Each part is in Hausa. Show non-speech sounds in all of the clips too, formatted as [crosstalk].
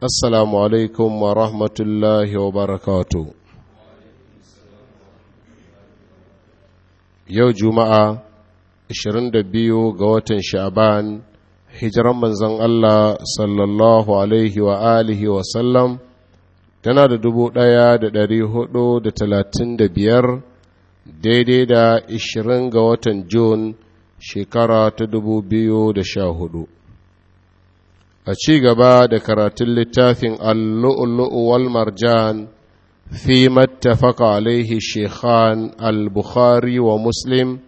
assalamu alaikum wa rahmatullahi wa barakatu yau juma'a 22 ga watan Shaban, hijiran manzon Allah sallallahu alaihi wa alihi wa sallam tana da dubu ɗaya da ɗari hudu da talatin da biyar daidai da ishirin ga watan jun shekara ta dubu biyu da sha hudu a ci gaba da karatun littafin allu'ulu'u wal marjan fi mattafaka alaihi shekhan al-bukhari wa muslim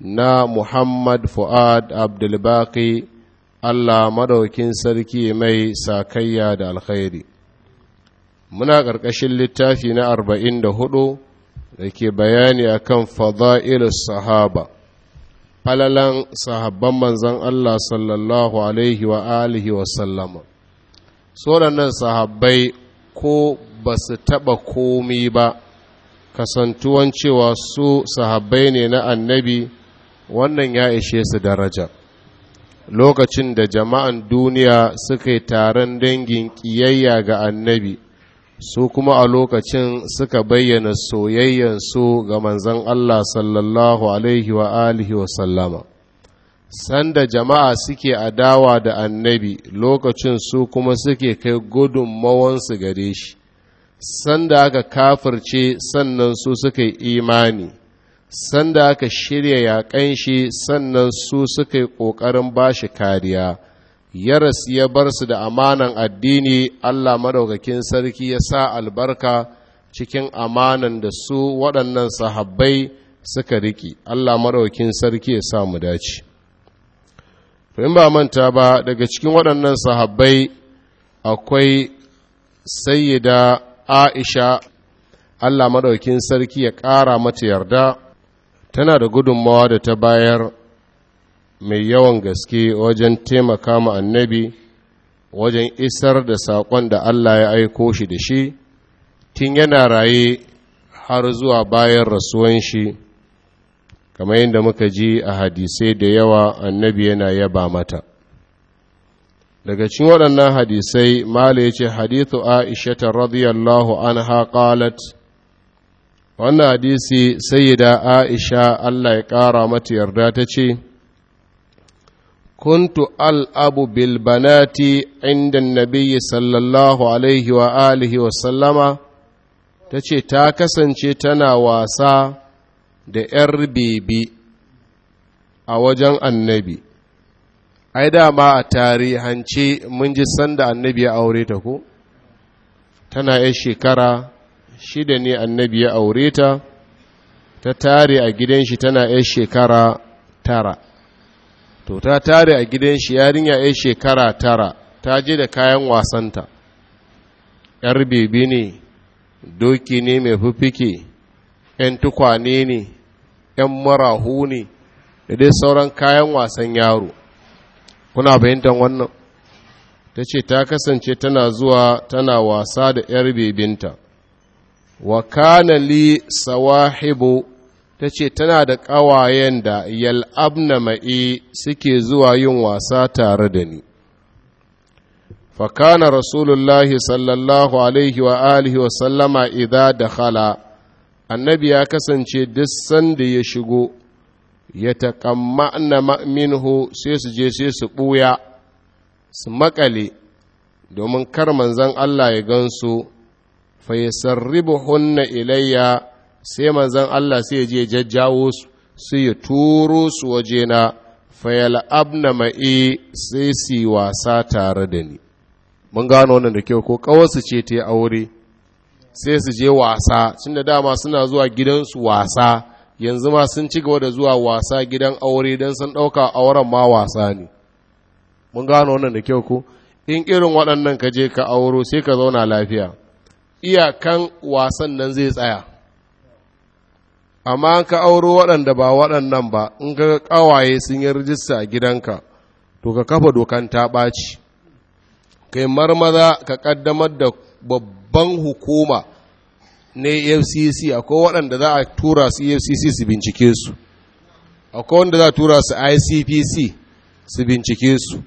na muhammad fu'ad abdulbaki allah madaukin sarki mai sakayya da alkhairi muna ƙarƙashin littafi na arba'in da hudu da ke bayani akan fada'ilus sahaba falalan sahabban manzan Allah sallallahu alaihi wa alihi wa sallama nan sahabbai ko ba su taɓa komi ba kasantuwan cewa su sahabbai ne na annabi wannan ya ishe su daraja lokacin da jama'an duniya suka yi taron dangin ƙiyayya ga annabi su kuma a lokacin suka bayyana soyayyansu ga manzan Allah sallallahu alaihi wa alihi wa sallama sanda jama'a suke adawa da annabi lokacin su kuma suke kai gudunmawansu gare shi sanda aka kafirce sannan su suka yi imani sanda aka shirya yaƙan shi sannan su suka yi ƙoƙarin ba shi kariya ya rasu ya bar su da amanan addini Allah madaukakin sarki ya sa albarka cikin amanan da su waɗannan sahabbai suka riki Allah madaukakin sarki ya sa mu dace to in ba manta ba daga cikin waɗannan sahabbai akwai sayyida Aisha Allah madaukakin sarki ya ƙara mata yarda tana da gudunmawa da ta bayar mai yawan gaske wajen taimaka ma annabi wajen isar da saƙon da Allah ya aiko shi da shi tun yana raye har zuwa bayan rasuwan shi kamar yadda muka ji a hadisai da yawa annabi yana yaba mata daga cikin waɗannan hadisai mala ya ce hadithu aishata radiyallahu anha ƙalat, wannan hadisi sayyida aisha Allah ya ƙara mata yarda ta ce كنت ألعب بالبنات عند النبي صلى الله عليه وآله وسلم تشي تاكسن تنا واسا da ‘yar bebi a wajen annabi, da ma a tarihance mun ji sanda annabi ya aure ta ko? Tana ‘yar shekara shida ne annabi ya aure ta, ta tare a gidan shi tana ‘yar shekara tara. to ta tare a gidan shi yarinya ya shekara tara ta je da kayan wasanta yar bibi ne doki ne mai fufike yan tukwane ne yan marahu ne da dai sauran kayan wasan yaro kuna bayyantar wannan ta ce ta kasance tana zuwa tana wasa da yar bibinta. wa kana li sawahibu ta ce tana da ƙawayen da yal'abna ma'i suke zuwa yin wasa tare da ni fakana rasulullahi sallallahu alaihi wa alihi wa sallama idan da hala annabi ya kasance duk sanda ya shigo ya taƙamma'na minhu sai su je sai su ɓuya su maƙale domin kar manzan Allah ya gansu fa hunna ilayya sai manzan Allah sai je jajjawo su sai ya turo su na fayal abna ma'i sai si wasa tare da ni mun gano wannan da kyau ko kawarsu ce ta yi aure sai su je wasa tun da dama suna zuwa gidansu wasa yanzu ma sun ci gaba da zuwa wasa gidan aure don sun ɗauka auren ma wasa ne mun gano wannan da kyau ko in irin waɗannan ka je ka auro sai ka zauna lafiya iyakan wasan nan zai tsaya amma ka auro waɗanda ba waɗannan ba in ka ƙawaye sun yi rijista a gidanka to ka kafa dokan ta ɓaci kai marmaza ka ƙaddamar da babban hukuma na efcc akwai waɗanda za a tura su efcc su bincike su akwai wanda za a tura su icpc su bincike su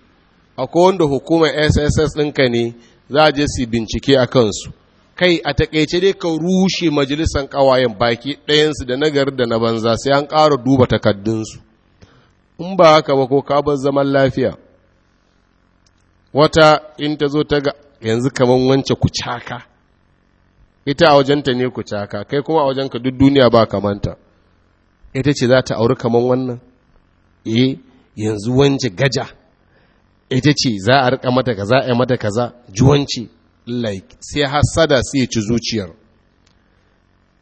akwai wanda hukumar sss ɗinka ne za a je su bincike a kansu kai a takaice dai ka rushe majalisan kawayen baki ɗayansu da nagari da na banza sai an ƙara duba takaddunsu in ba haka ba ko kabar zaman lafiya wata in ta zo ta ga yanzu kaman wance ku caka? ita a wajenta ne ku caka? kai kuma a wajenka duk duniya ba kamanta ita ce za ta auri kaman wannan eh yanzu wance gaja ita ce za a rika mata kaza a mata kaza juwanci like sai hassada sai ci zuciyar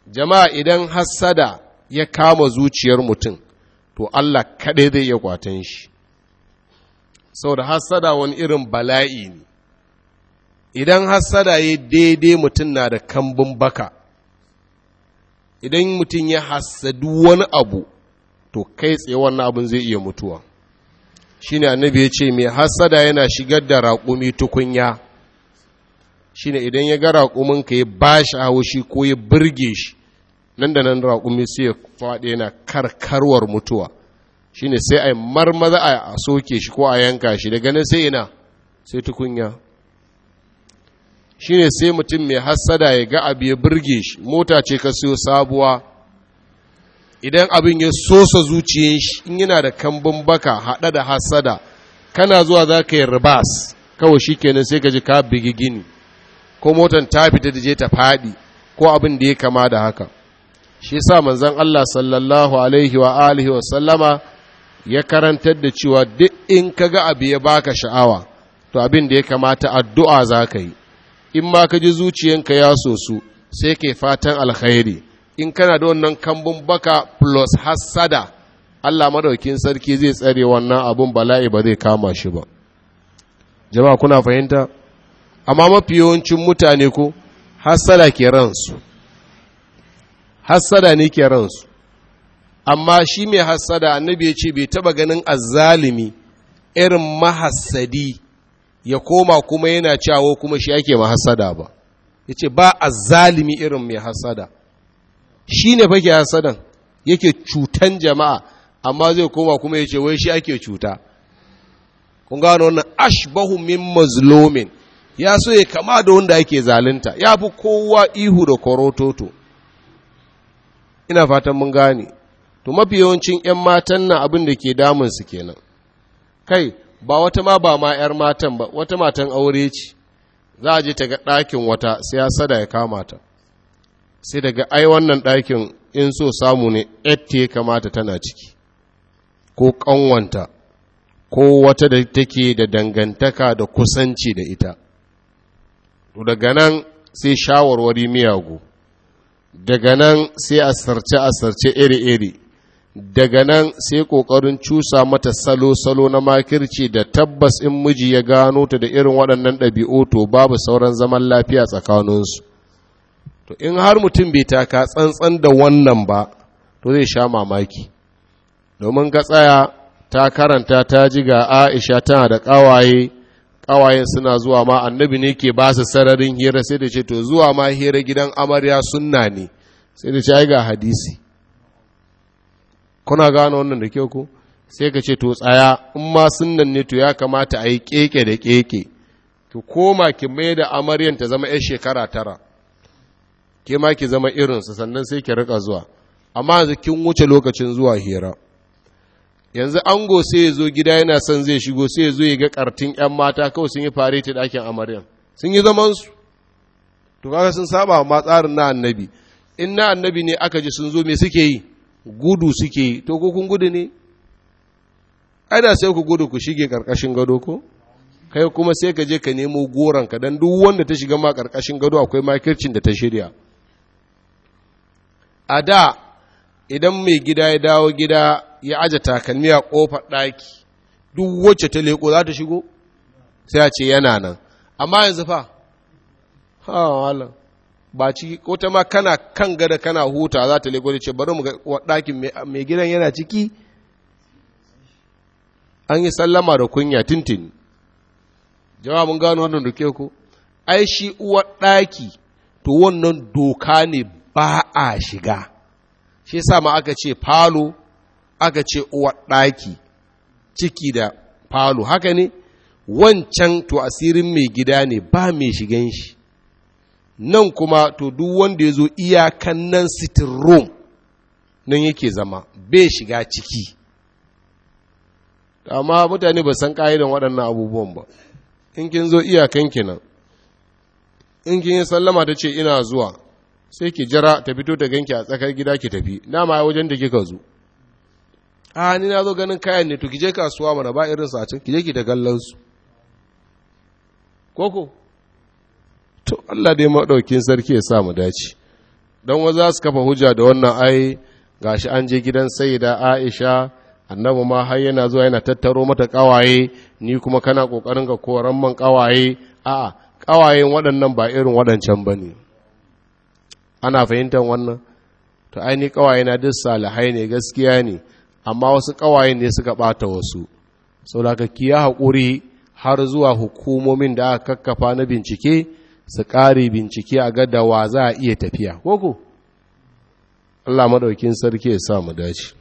jama'a idan hasada ya kama zuciyar mutum to Allah kaɗai zai iya kwatan shi sau da hassada wani irin bala'i ne idan hassada ya daidai mutum na da kambun baka idan mutum ya hassadu wani abu to kai tsaye wannan abin zai iya mutuwa shi annabi ya ce mai hassada yana shigar da raƙumi tukunya shine idan ya ga raƙumin ka ya bashi haushi ko ya birge shi nan da nan raƙumi sai ya faɗi yana karkarwar mutuwa shine sai a yi marmaza a soke shi ko a yanka shi daga nan sai ina sai tukunya shi ne sai mutum mai hassada ya ga abu ya birge shi mota ce ka siyo sabuwa idan abin ya sosa zuciyar shi in yana da kambun baka haɗa da hassada kana zuwa za ka yi ribas kawai shi kenan sai ka ji ka bigi gini ko motan ta fita da je ta faɗi ko abin da ya kama da haka shi sa manzon Allah sallallahu alaihi wa alihi wa sallama ya karantar da cewa duk in ka ga abu ya baka sha'awa to abin da ya kamata addu'a za ka yi in ma ka ji zuciyanka ya soso sai ke fatan alkhairi in kana da wannan kambun baka plus hassada Allah madaukin sarki zai tsare wannan abun bala'i ba zai kama shi ba jama'a kuna fahimta amma mafi yawancin mutane ko hassada ke ransu hassada ne ke ransu amma shi mai hassada annabi ya ce bai taba ganin azzalimi irin mahasadi ya koma kuma yana cawo kuma shi yake mahassada ba ya ce ba azzalimi irin mai hassada shi ne fake hassadan yake cutan jama'a amma zai koma kuma ya ce wai shi ake cuta kun gano wannan ashbahu min mazlomin ya so ya kama da wanda yake zalunta ya fi kowa ihu da korototo ina fatan mun gane to mafi yawancin 'yan matan na abin da ke damunsu kenan kai ba wata ma ba ma 'yar matan ba wata matan aure ce za a je ta ga ɗakin wata siyasa da ya kama ta sai daga ai wannan ɗakin in so samu ne ette ya kamata tana ciki ko ƙanwanta ko wata da take da dangantaka da kusanci da ita to daga nan sai shawarwari miyagu daga nan sai asarce-asarce iri-iri daga nan sai ƙoƙarin cusa mata salo-salo na makirci da tabbas in miji ya gano ta da irin waɗannan ɗabi'u to babu sauran zaman lafiya tsakaninsu to in har mutum bai taka tsantsan da wannan ba to zai sha mamaki domin ka tsaya ta karanta ta ji ga aisha tana da ƙawaye kawayen suna zuwa ma annabi ne ke ba su sararin hira sai da ce to zuwa ma hira gidan amarya sunna ne sai da ce ga hadisi kuna gano wannan da kyau ko sai ka ce to tsaya in ma sunnan ne to ya kamata a yi keke da keke ki koma ki mai da amaryan ta zama 'yar shekara tara ke ma ki zama irinsa sannan sai ki rika zuwa amma yanzu kin wuce lokacin zuwa hira yanzu ango sai ya zo gida yana son zai shigo sai ya zo ya ga kartin 'yan mata kawai sun yi fare ta ɗakin amaryan sun yi zamansu to kaga sun saba ma tsarin na annabi in na annabi ne aka ji sun zo me suke yi gudu suke yi to ko kun gudu ne ai da sai ku gudu ku shige karkashin gado ko kai kuma sai ka je ka nemo goron ka dan duk wanda ta shiga ma karkashin gado akwai makircin da ta shirya a da idan mai gida ya dawo gida ya aje takalmi a ƙofar ɗaki duk wacce ta leƙo za ta shigo sai a ce yana nan amma yanzu fa hawa ba ciki ko ta ma kana kan gada kana huta za ta leƙo da ce bari mu ga ɗakin mai gidan yana ciki an yi sallama da kunya tintin jama'a mun gano wannan da ku ai shi uwar ɗaki to wannan doka ne ba a shiga shi sa ma aka ce falo aka ce uwarɗaki ciki da falo haka ne wancan to asirin mai gida ne ba mai shigan shi nan kuma to duk wanda ya zo iyakan nan sitin rom nan yake zama bai shiga ciki amma mutane ba san ƙa'idan waɗannan abubuwan ba in kin zo iyakan nan in kin yi sallama ta ce ina zuwa sai ki jira ta fito ta ganki a tsakar gida ki tafi na ma wajen da kika zo a ni na zo ganin kayan ne to ki je kasuwa mana ba irin sa ki je ki da kallon su koko to Allah dai madaukin sarki ya sa mu dace dan wa za su kafa hujja da wannan ai gashi an je gidan sayyida Aisha annabi ma har yana zuwa yana tattaro mata kawaye ni kuma kana kokarin ga koran man kawaye a'a kawayen waɗannan ba irin waɗancan bane ana fahimtar wannan to aini kawai na duk salihai ne gaskiya ne amma wasu ƙawaye ne suka bata wasu sau saboda ya haƙuri har zuwa hukumomin da aka kakkafa na bincike su ƙare bincike a gada wa za a iya tafiya koko Allah maɗaukin sarki ya sa mu dace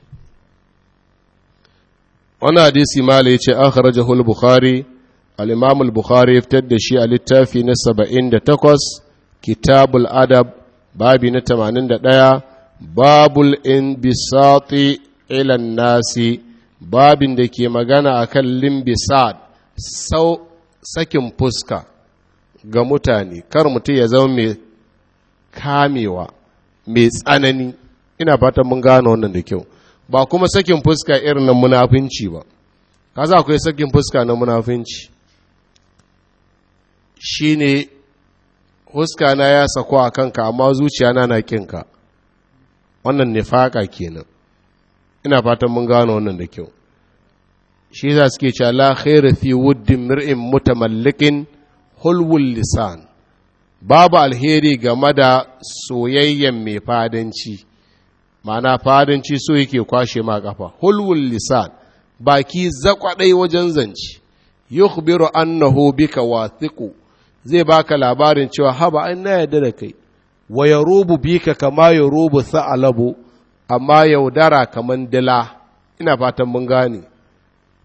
wani hadisi mala ya ce an kharaja hul bukhari al'imamul bukhari ya fitar da shi a littafi na 78 kitabul adab babi na tamanin da ɗaya babul bisati ilan nasi babin da ke magana a kan limbisad sau sakin fuska ga mutane kar mutum ya zama mai kamewa mai tsanani ina fatan mun gano wannan da kyau ba kuma sakin fuska irin na munafinci ba ka kaza akwai sakin fuska na munafinci shine huska na ya sako a kanka amma zuciya na na kinka wannan nifaka kenan ina fatan mun gano wannan da kyau shi za suke cewa la khairu fi wuddin mir'in mutamallikin hulwul lisan babu alheri game da soyayyen mai fadanci ma'ana fadanci so yake kwashe ma kafa hulwul lisan baki zakwadai wajen zanci yukhbiru annahu bika wathiqu zai baka labarin cewa haba an na yarda da kai wa ya rubu bika kama ya rubu sa'alabu amma yaudara kaman dila ina fatan mun gane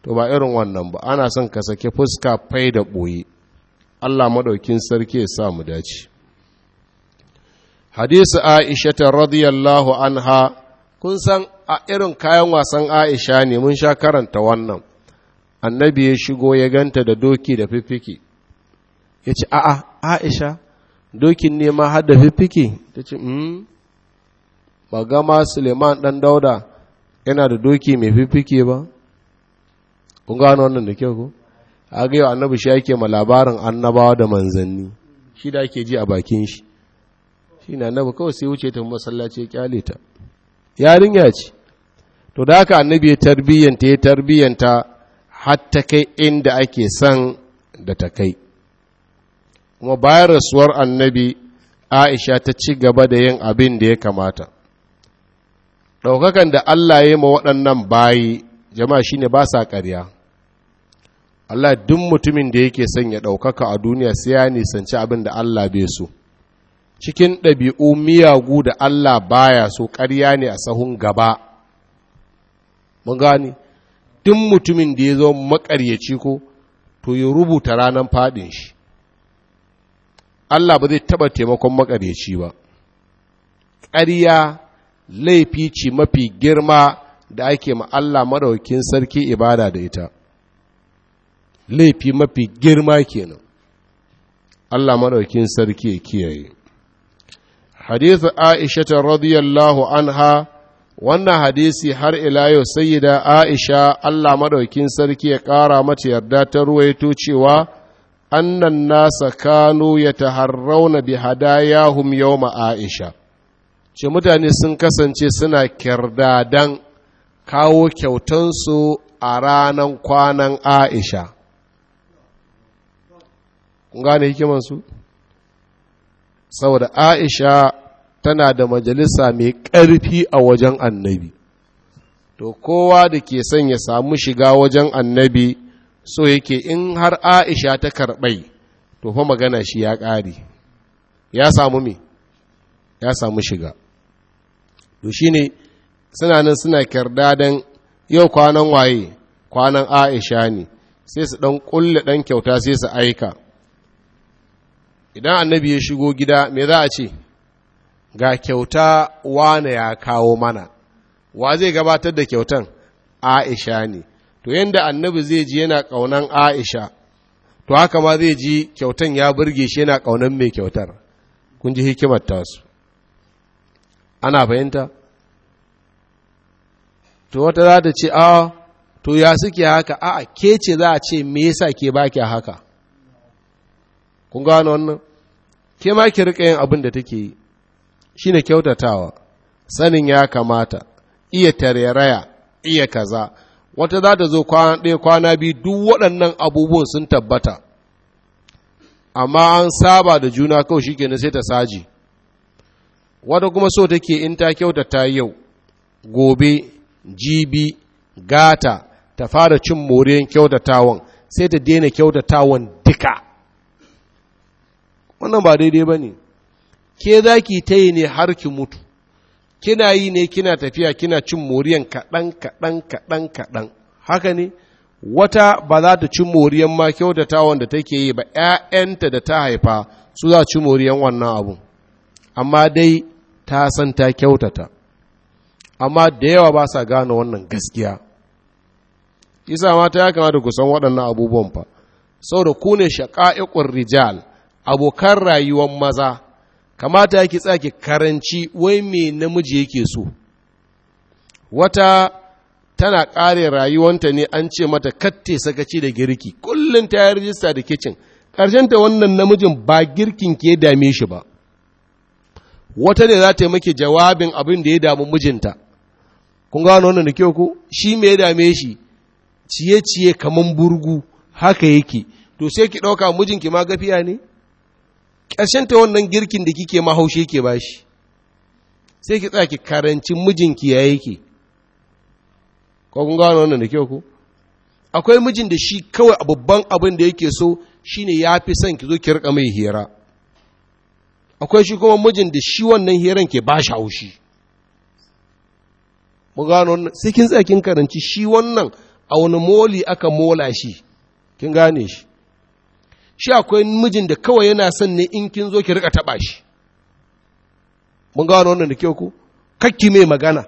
to ba irin wannan ba ana son ka sake fuska fai da ɓoye Allah maɗaukin sarki ya sa mu dace hadisi aisha ta radiyallahu anha kun san a irin kayan wasan aisha ne mun sha karanta wannan annabi ya shigo ya ganta da doki da fiffiki ya ce a'a aisha dokin nema har da fiffike ta ce hmm, ba gama suleiman ɗan dauda yana da doki mai fiffike ba kun gano wannan da kyau ko a ga yau annabi shi yake ma labarin annabawa da manzanni shi da ake ji a bakin shi shi na annabi kawai sai wuce ta masallaci ya kyale ta ya ce to da haka annabi ya tarbiyyanta ya tarbiyyanta har ta kai inda ake san da ta kai kuma bayan rasuwar annabi aisha ta ci gaba da yin abin da ya kamata ɗaukakan da allah ya yi ma waɗannan bayi jama'a shine ba sa ƙarya allah duk mutumin da yake son ya ɗaukaka a duniya sai ya nisanci abin da allah bai so cikin ɗabi'u miyagu da allah baya so ƙarya ne a sahun gaba mun gani duk mutumin da ya zo maƙaryaci ko to ya rubuta ranar faɗin shi Allah ba zai taɓa taimakon makaryaci ba ƙarya laifi ce mafi girma da ake ma Allah maɗaukin sarki ibada da ita laifi mafi girma kenan Allah maɗaukin sarki ya kiyaye Hadisi Aisha ta radiyallahu anha wannan hadisi har ila yau sayyida Aisha Allah maɗaukin sarki ya ƙara mata yarda ta ruwaito cewa annan nasa kanu ya na bi hadayahum yawma aisha ce mutane sun kasance suna kirdadan kawo kyautansu a ranan kwanan aisha kun gane hikimansu saboda aisha tana da majalisa mai ƙarfi a wajen annabi to kowa da ke son ya samu shiga wajen annabi so yake in har aisha ta karɓai to fa magana shi ya ƙari ya samu me ya samu shiga to ne suna nan suna don yau kwanan waye kwanan aisha ne sai su ɗan ƙulle ɗan kyauta sai su aika idan annabi ya shigo gida me za a ce ga kyauta wane ya kawo mana wa zai gabatar da kyautan aisha ne to yanda annabi zai ji yana ƙaunan aisha to haka ma zai ji kyautan ya burge shi yana ƙaunan mai kyautar kun ji hikimar tasu ana fahimta to wata za ta ce a to ya suke haka a ke ce za a ce me yasa ke baki haka kun gano wannan ke ma ki rika yin abin da take yi shine kyautatawa sanin ya kamata iya raya iya kaza wata za ta zo kwana ɗaya kwana biyu duk waɗannan abubuwan sun tabbata amma an saba da juna kawai na sai ta saji wata kuma so take in ta kyauta ta yau gobe jibi gata ta fara cin moriyan kyautatawan sai ta daina kyautatawan duka wannan ba daidai ba ne ke za ki ta yi ne har ki mutu kina yi ne kina tafiya kina cin moriyan kaɗan kaɗan kaɗan kaɗan haka ne wata ba za ta ci moriyan ma kyautata wanda take yi ba ‘ya'yanta da ta haifa su za ci moriyan wannan abu amma dai ta san ta kyautata amma da yawa ba sa gane wannan gaskiya isa mata ya kamata ku san waɗannan abubuwan fa saboda ku ne shaƙa'iƙun rijal abokan rayuwar maza kamata yake tsaki karanci wai me namiji yake so wata tana kare rayuwanta ne an ce mata katte sakaci da girki kullum ta yi rijista da kicin ta wannan namijin ba girkin ke dame shi ba wata ne za ta yi maki jawabin abin da ya damu mijinta kun gano wannan da kyau ko shi me ya dame shi ciye-ciye kaman burgu haka yake to sai ki ɗauka mijinki ma gafiya ne ƙarshen ta wannan girkin da kike mahaushe ke bashi sai ki tsaki karanci mijinki ya yake ko kun gano wannan da kyau ku akwai mijin da shi kawai a babban abin da yake so shine ya fi son ki zo ki rika mai hira akwai shi kuma mijin da shi wannan hiran ke ba shi haushi mu gano wannan sai kin tsaya kin karanci shi wannan a wani moli aka mola shi kin gane shi shi akwai mijin da kawai yana son ne in kin zo ki rika taɓa shi mun gano wannan da kyau ko kakki mai magana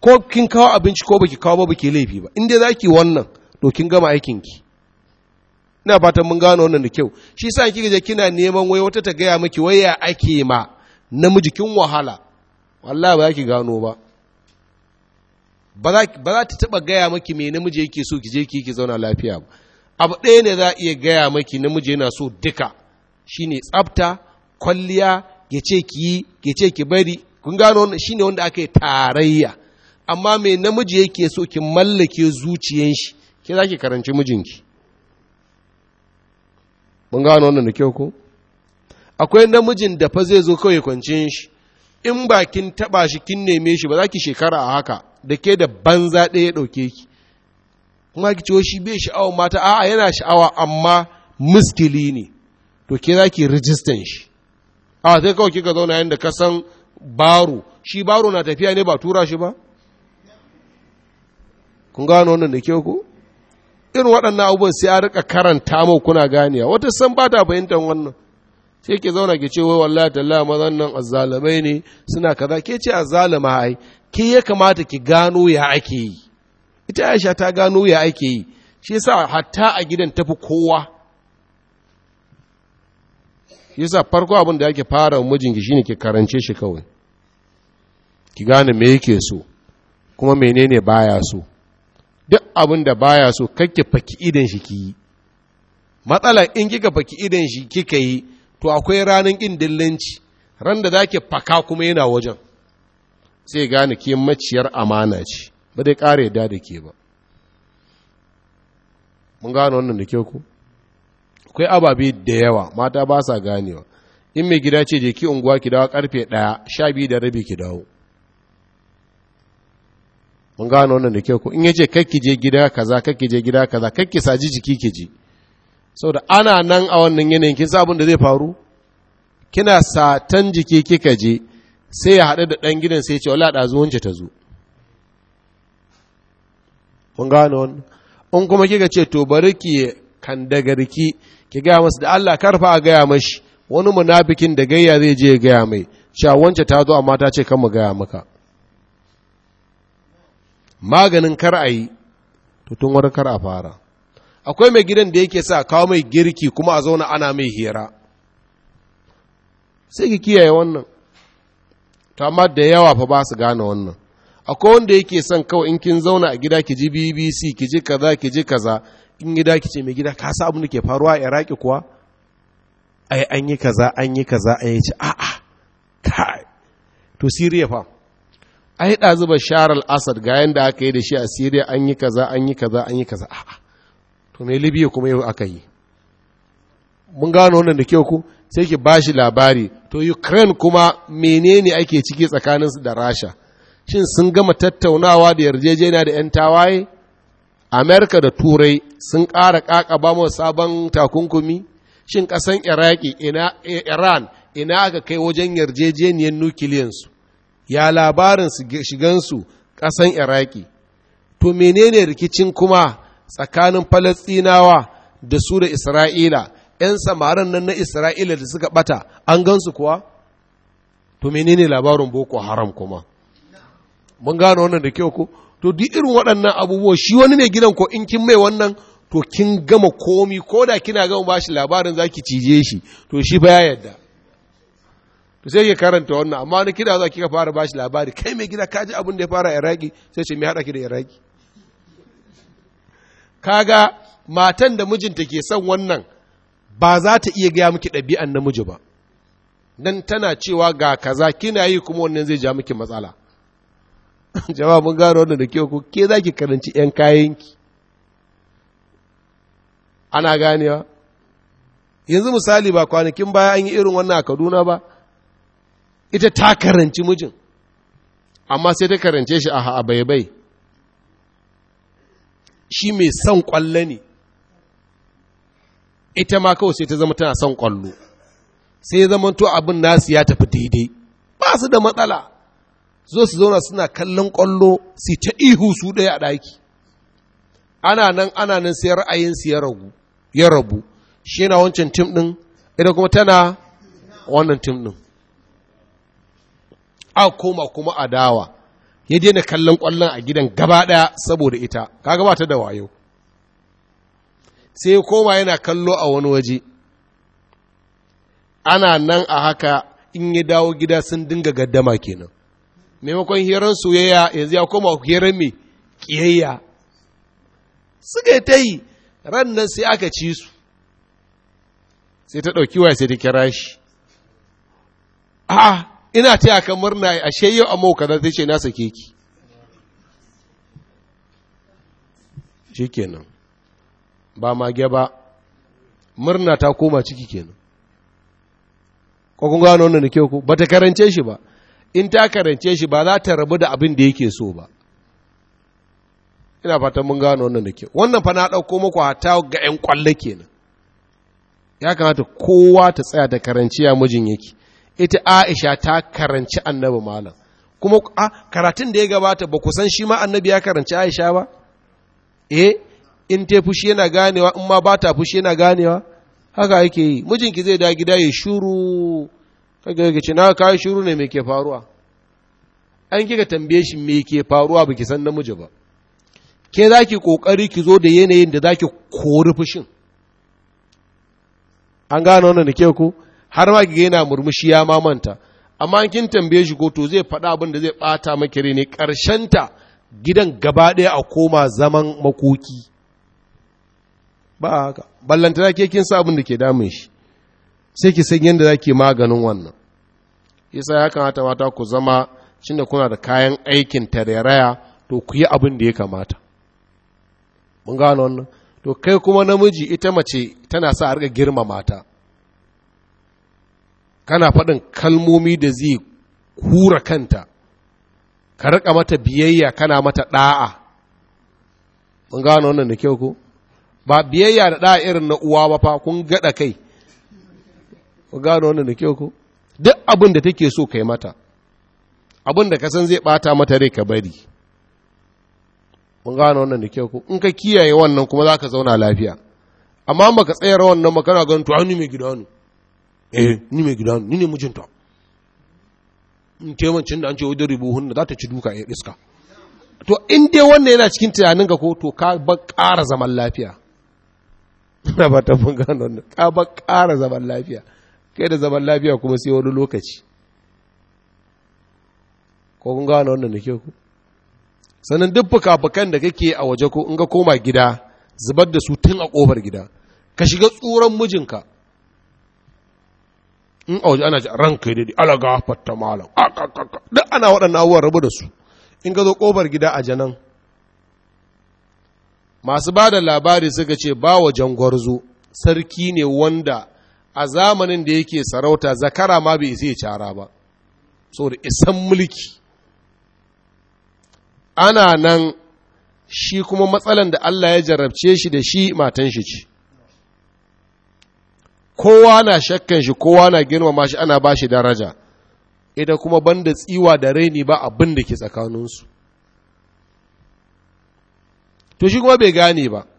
ko kin kawo abinci ko baki kawo ba baki laifi ba in dai zaki wannan to kin gama aikin ki ina fatan mun gano wannan da kyau shi yasa kika je kina neman wai wata ta gaya miki wai ya ake ma namiji kin wahala wallahi ba ki gano ba ba za ta taba gaya maki me namiji yake so ki je ki ki zauna lafiya ba abu ɗaya ne za a iya gaya maki namiji yana so duka shi ne tsafta kwalliya ya ce ki yi ya ce ki bari kun gano wannan ne wanda aka yi tarayya amma mai namiji yake so ki mallake zuciyan shi ke za ki karanci mijinki mun gano wannan da kyau ko akwai namijin da fa zai zo kawai kwanci shi in ba kin taba shi kin neme shi ba za ki shekara a haka da ke da banza ɗaya ya ɗauke ki kuma ki ciwo shi bai sha'awa mata a yana sha'awa amma muskili ne to ke za ki rijistan shi a sai kawai kika zauna yadda ka san baro shi baro na tafiya ne ba tura shi ba kun gano wannan da kyau ku? irin waɗannan abubuwan sai a rika karanta mu kuna ganiya wata san ba ta fahimtar wannan sai ke zauna ke ce wai wallahi talla mazan nan azzalamai ne suna kaza ke ce azzalama ai ke ya kamata ki gano ya ake yi ita aisha ta gano ya ake yi shi yasa hatta a gidan tafi kowa shi yasa farko abin da ake fara wa mijinki shine ki karance shi kawai ki gane me yake so kuma menene baya so duk abin da baya so kakke faki idan shi ki yi matsala in kika faki idan shi kika yi to akwai ranar kin dillanci ran da zaki faka kuma yana wajen sai gane ke maciyar amana ce ba dai ƙara da da ke ba mun gano wannan da kyau ku akwai ababe da yawa mata ba sa ganewa in mai gida ce je ki unguwa ki dawo karfe ɗaya sha biyu da rabi ki dawo mun gano wannan da kyau ku in ya ce kakki je gida kaza kakki je gida kaza kakki saji jiki ki ji saboda ana nan a wannan yanayin kin sabon da zai faru kina satan jiki kika je sai ya haɗu da ɗan gidan sai ya ce wala ɗazu wance ta zo mun gano wannan in kuma kika ce to bari ki kan dagarki ki gaya masa da Allah karfa a gaya mashi wani munafikin da gayya zai je ya gaya mai cewa wance ta zo amma ta ce kan mu gaya maka maganin kar a yi to tun wani kar a fara akwai mai gidan da yake sa kawo mai girki kuma a zauna ana mai hira sai ki kiyaye wannan to amma da yawa fa ba su gane wannan akwai wanda yake son kawai in kin zauna a gida ki ji BBC ki ji kaza ki ji kaza in gida ki ce mai gida ka sa abin da ke faruwa a Iraki kuwa ai an yi kaza an yi kaza yi ce a a kai to Syria fa ai da zuba Bashar al-Assad ga yanda aka yi da shi a Syria an yi kaza an yi kaza an yi kaza a a to me Libya kuma yau aka yi mun gano wannan da kyau ku sai ki bashi labari to Ukraine kuma menene ake ciki tsakaninsu da Rasha shin sun gama tattaunawa da yarjejeniya da 'yan tawaye amerika da turai sun ƙara ba mu sabon takunkumi shin ƙasan iraki iran ina aka kai wajen yarjejeniyar nukiliyansu ya labarin shigansu ƙasan iraki to menene rikicin kuma tsakanin falastinawa da su da isra'ila 'yan samarin nan na isra'ila da suka bata an gansu kuwa to menene labarin boko haram kuma mun gano wannan da kyau ko to duk irin waɗannan abubuwa shi wani ne gidan ko in kin mai wannan to kin gama komi ko da kina gama bashi labarin zaki cije shi to shi ba ya yadda to sai ke karanta wannan amma wani kida za kika fara bashi labari kai mai gida ka ji abin da ya fara iraki sai ce mai haɗa ki da iraki kaga matan da mijinta ke son wannan ba za ta iya gaya miki ɗabi'an namiji ba dan tana cewa ga kaza kina yi kuma wannan zai ja miki matsala [laughs] jama'a mun gano wannan da kyau ko ke za ki karanci 'yan kayanki ana ganewa yanzu misali ba kwanakin baya an yi irin wannan a kaduna ba ita ta karanci mijin amma sai ta karance shi a baibai shi mai son kwallo ne ita ma kawai sai ta zama tana son kwallo sai ya zama to abin nasu ya tafi daidai ba su da matsala zo su zauna suna kallon ƙwallo su ta ihu su ɗaya a ɗaki ana nan ana nan sai ra'ayinsu ya ragu ya rabu shi na wancan tim ɗin ita kuma tana wannan tim ɗin a koma kuma a dawa ya daina kallon ƙwallon a gidan gaba ɗaya saboda ita ka gabata ta da wayo sai koma yana kallo a wani waje ana nan a haka in ya dawo gida sun dinga gaddama kenan maimakon hirar soyayya yanzu ya koma hirar mai ƙiyayya suka ta yi ran nan sai aka ci su sai ta ɗauki waya sai ta kira shi a ina taya yaka murna ashe yau a mauka zai ce na keki shi kenan ba mage ba murna ta koma ciki kenan ko kun gano wannan da kyau ko ba ta karance shi ba in ta karance shi ba za ta rabu da abin da yake so ba ina fatan mun gano wannan da ke wannan fa na ɗauko muku hata ga 'yan ƙwallo kenan ya kamata kowa ta tsaya ta karanci ya mijin yake ita aisha ta karanci annabi malam kuma a karatun da ya gabata ba ku san shi ma annabi ya karanci aisha ba eh in ta fushi yana ganewa in ma ba ta fushi yana ganewa haka yake yi mijinki zai da gida ya shuru kaga yake ce na kai shiru ne me ke faruwa an kika tambaye shi me ke faruwa baki san namiji ba ke zaki kokari ki zo da yanayin da zaki kori fushin an gane wannan da ke ku har ma ki yana murmushi ya mamanta amma an kin tambaye shi ko to zai faɗa abin da zai bata maki rai ne ta gidan gaba ɗaya a koma zaman makoki ba haka ballantana ke kin sa abin da ke damun shi sai ki san yadda za ki maganin wannan isa ya kamata mata ku zama shin da kuna da kayan aikin tareraya to ku yi abin da ya kamata mun gano wannan to kai kuma namiji ita mace tana sa a girma mata kana faɗin kalmomi da zai kura kanta ka riƙa mata biyayya kana mata ɗa'a mun gano wannan da kyau ko ba biyayya da ɗa'a irin na uwa ba fa kun gaɗa kai ku gano wannan da kyau ku duk abin da take so kai mata abin da ka san zai bata mata rai ka bari ku gano wannan da kyau ku in ka kiyaye wannan kuma za ka zauna lafiya amma ka tsayar wannan na ganin to ni mai gida ne eh ni mai gida ne ni ne mijinta in cin da an ce wajen ribuhun da za ta ci duka ya iska to in dai wannan yana cikin tunanin ka ko to ka ba ƙara zaman lafiya [laughs] na ba ta gano wannan ka ba ƙara zaman lafiya kai da zaman lafiya kuma sai wani lokaci ko kun gano wannan da kyau ku sannan duk fuka-fukan da kake a waje ko in ga koma gida zubar da su tun a kofar gida ka shiga tsoron mijinka in a waje ana ji ran kai daidai ala fatta malam malam ah, duk ana waɗannan abubuwan rabu da su in ka zo kofar gida a janan masu ba da labari suka ce ba wa jangwarzo sarki ne wanda a zamanin da yake sarauta zakara ma bai isa ya cara ba saboda isan mulki ana nan shi kuma matsalan da Allah ya jarabce shi da shi matan shi ce kowa na shakkan shi kowa na girmama shi ana ba shi daraja idan kuma banda tsiwa da raini ba abin da ke tsakaninsu to shi kuma bai gane ba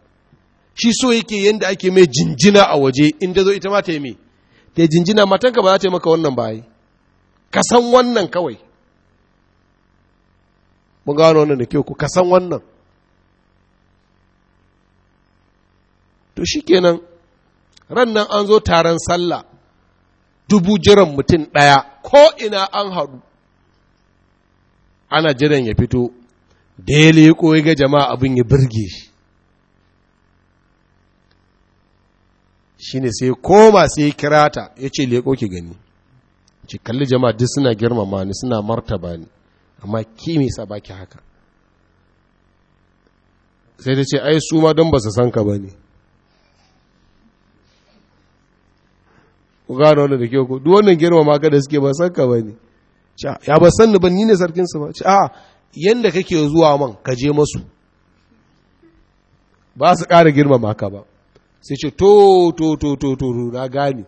shi so yake yadda ake mai jinjina a waje inda zo ita ma ta yi mai ta yi jinjina matanka ba za ta yi maka wannan ba ka wannan kawai mun gano wannan da kyau ku ka wannan to shi kenan ran nan an zo taron sallah dubu jiran mutum ɗaya ko ina an haɗu ana jiran ya fito da ya leƙo ya ga jama'a abin ya birge shi ne sai koma sai kira ta ya ce leƙo ki gani ce kalli jama'a duk suna girmama ni suna martaba ni amma ki me sa baki haka sai ta ce ai su ma don ba su san ka ba ne ku gano wani da kyau ko duk wannan girmama ka da suke ba san ka ba ne ya ba san ni ba ni ne sarkin su ba ce a yanda kake zuwa man ka je masu ba su ƙara girmama ka ba sai ce to to to to to na gane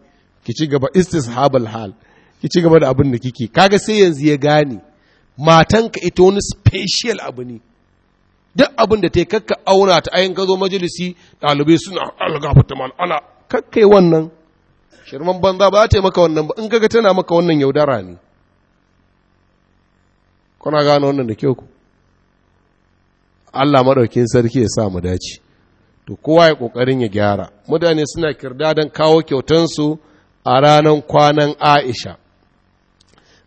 ki ci gaba istishabal hal ki ci gaba da abin da kike kaga sai yanzu ya gane matanka ita wani special abu ne duk abin da ta kakka auna ta ayin ka zo majalisi ɗalibai suna algafata man ana kakkai wannan shirman banza ba ta yi maka wannan ba in kaga tana maka wannan yaudara ne kuna gane wannan da kyau ku Allah maɗaukin sarki ya sa mu dace to kowa ya ƙoƙarin ya gyara mutane suna kirda don kawo kyautansu a ranar kwanan aisha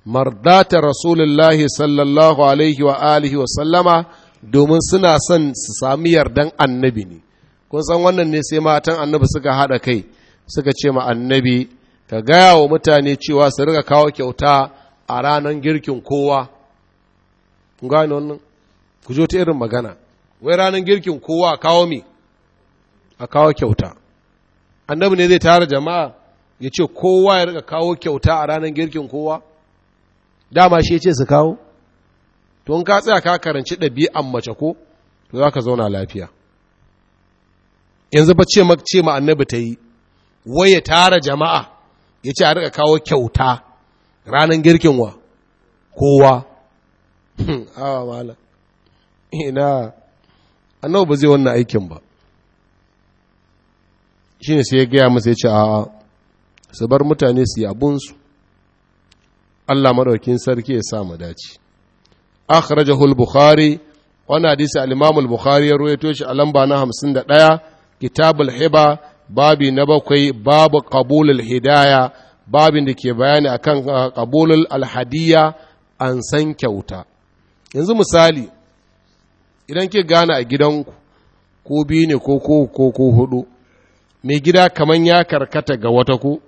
mardata rasulullahi sallallahu alaihi wa alihi wa sallama domin suna son su sami yardan annabi ne kun san wannan ne sai matan annabi suka haɗa kai suka ce ma annabi ka gaya wa mutane cewa su riga kawo kyauta a ranar girkin kowa gane wannan ku ta irin magana wai ranar girkin kowa kawo mi a kawo kyauta annabi ne zai tara jama'a ya ce kowa ya rika kawo kyauta a ranar girkin kowa dama shi ya ce su kawo to in ka tsaya ka karanci ɗabi'an mace ko to za ka zauna lafiya yanzu ba ce ce ma annabi ta yi wai ya tara jama'a ya ce a rika kawo kyauta ranar girkin wa kowa [laughs] awa malam ina annabi ba zai wannan aikin ba shi ne sai ya gaya masa ya ce a su bar mutane su yi abunsu Allah maɗaukin sarki ya sa mu dace akhrajahu al-bukhari wani hadisi al bukhari ya ruwaito shi a lamba na 51 kitabul hiba babi na bakwai babu qabulul hidaya babin da ke bayani akan uh, qabulul al-hadiya an san kyauta yanzu misali idan ke gane a gidanku ko biyu ne ko ko ko hudu mai gida kamar ya karkata ga wata ku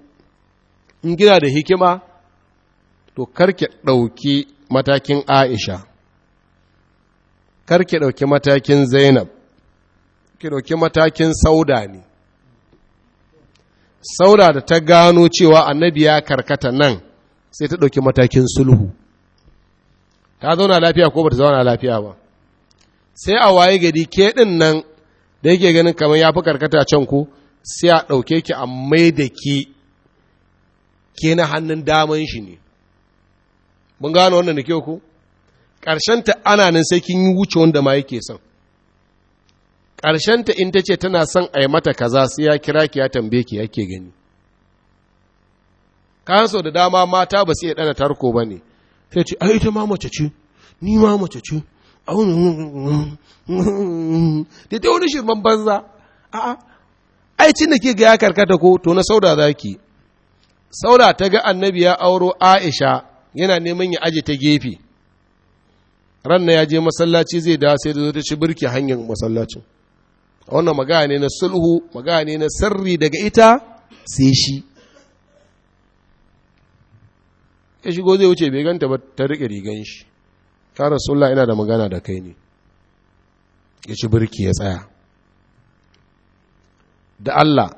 in gida da hikima to karke ɗauki matakin aisha karke ɗauki matakin zainab ki ɗauki matakin sauda ne sauda da ta gano cewa annabi ya karkata nan sai ta ɗauki matakin sulhu ta zauna lafiya ko ba ta zauna lafiya ba sai a waye gari ke ɗin nan da yake ganin kamar ya fi karkata can ku sai a ɗauke ki a mai da ki ke na hannun daman shi ne mun gano wannan da ke ku ƙarshenta ana nan sai kin yi wuce wanda ma yake son ƙarshenta in ta ce tana son a yi mata kaza sai ya kira ki ya tambaye ki yake gani Kan sau da dama mata ba su iya ɗana tarko ba ne sai ce ai ita ma mace ce ni ma mace ce a ta [laughs] wani wani banza a'a ai cin da ke ga ya karkata ko to na sauda za ki sauda ta ga annabi ya auro aisha yana neman ya aje ta gefe ranna ya je masallaci zai da sai da ta ci birki hanyar masallacin wannan magana ne na sulhu magana ne na sirri daga ita sai shi ya shigo zai wuce bai ganta ba ta rike rigan shi ka rasulullah ina da magana da kai ne ya ci birki ya tsaya da Allah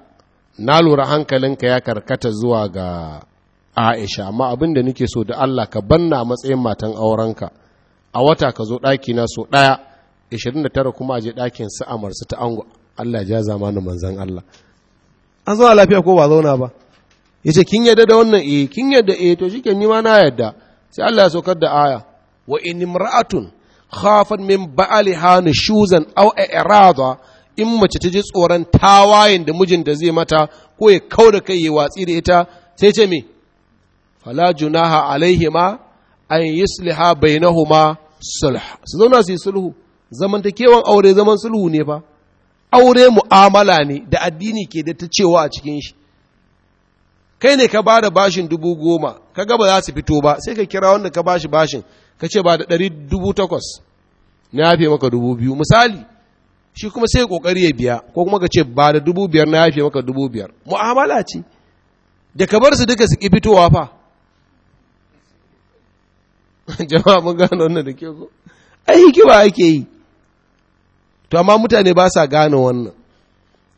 na lura hankalinka ya karkata zuwa ga Aisha amma abin da nake so da Allah ka banna matsayin matan aurenka a wata ka zo ɗaki na so ɗaya 29 kuma a je ɗakin su amarsu ta ango Allah ja zamanin manzan Allah an zauna lafiya ko ba zauna ba yace kin yadda da wannan eh kin yadda eh to shike ni ma na yadda sai Allah ya saukar da aya wa in imra'atun khafat min ba'liha nushuzan aw i'rada in mace ta ji tsoron tawayen da mijin da zai mata ko ya kau da kai ya watsi da ita sai ce me fala junaha alaihima an yusliha bainahuma sulh su zauna su yi sulhu kewan aure zaman sulhu ne fa aure mu'amala ne da addini ke da ta cewa a cikin shi kai ne ka bada bashin dubu goma ka ga ba za su fito ba sai ka kira wanda ka bashi bashin ka ce ba da ɗari dubu takwas na yafe maka dubu biyu misali shi kuma sai kokari ya biya ko kuma ka ce ba da dubu biyar na yafe maka dubu biyar mu'amala ce da ka bar su duka su fitowa fa [laughs] jama'a mun gano wannan da ke ko ai hikima ake yi to amma mutane ba sa gane wannan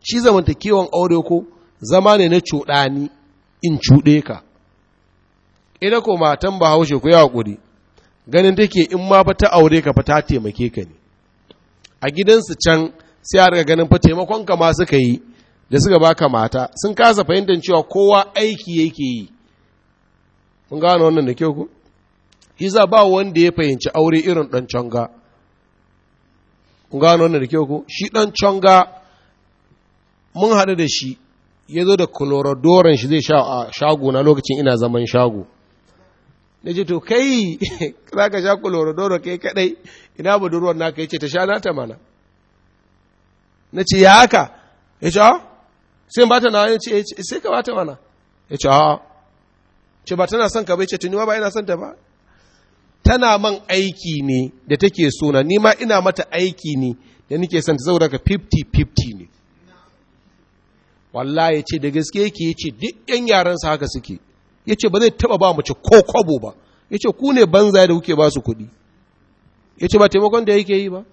shi zamantakewan aure ko zama ne na cuɗani in cuɗe ka ina ko matan ba haushe ku yawa ƙuri ganin take in ma fa ta aure ka fa ta taimake ka ne a gidansu can sai a ganin fa taimakon ka ma suka yi da suka baka mata sun kasa fahimtar cewa kowa aiki yake yi kun gano wannan da kyau ku hiza ba wanda ya fahimci aure irin dan canga. kun gano wannan da kyau ku shi dan canga mun haɗu da shi ya zo da kuloradoran shi zai sha a shago na lokacin ina zaman shago na ji to kai [laughs] za ka sha kulorodoro kai kadai ina budurwar naka ya ce ta sha na ta mana na ce ya haka ya ce ah, sai ba ta nawa ya ce eh, sai ka ba ta mana ya ce ah. a ce ba tana son ka bai ce tuniwa ba ina son ta ba tana man aiki ne da take sona ni ma ina mata aiki ne da nike son ta saboda ka 50-50 ne wallahi ya ce da gaske yake ya ce duk 'yan yaransa haka suke ya ce ba zai taɓa ba mace ko kwabo ba ya ce ku ne banza da kuke ba su kuɗi ya ce ba taimakon da yake yi ba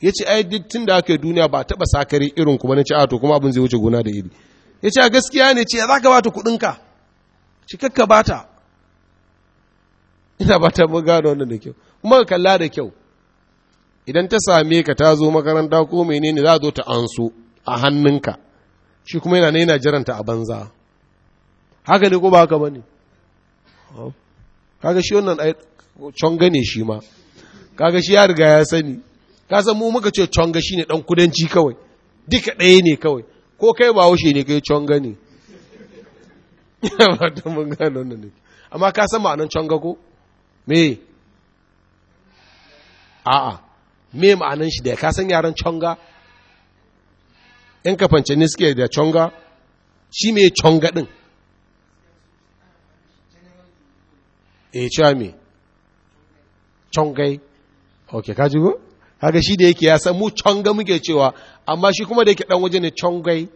ya ce ai duk tun da aka yi duniya ba taɓa sakari irin kuma na ci ato kuma abin zai wuce gona da iri ya ce a gaskiya ne ce za ka bata kuɗinka cikakka bata ina ba ta mun gano wannan da kyau kuma ka kalla da kyau idan ta same ka ta zo makaranta ko menene za zo ta anso a hannunka shi kuma yana ne yana jiranta a banza haka ne ko ba haka ba ne kaga shi wannan ai conga ne shi ma kaga shi ya riga ya sani ka san mu muka ce conga ne dan kudanci kawai duka ɗaya ne kawai ko kai ba haushe ne kai conga ne [laughs] nan amma ka san ma'anar conga ko me a'a me ma'anan shi da ka san yaran conga ‘yan kafance ne suke da conga shi mai conga ɗin e eh, cewa mai congai ok kaji ko haka shi da yake ya san mu conga muke cewa amma shi kuma da yake ɗan waje ne congai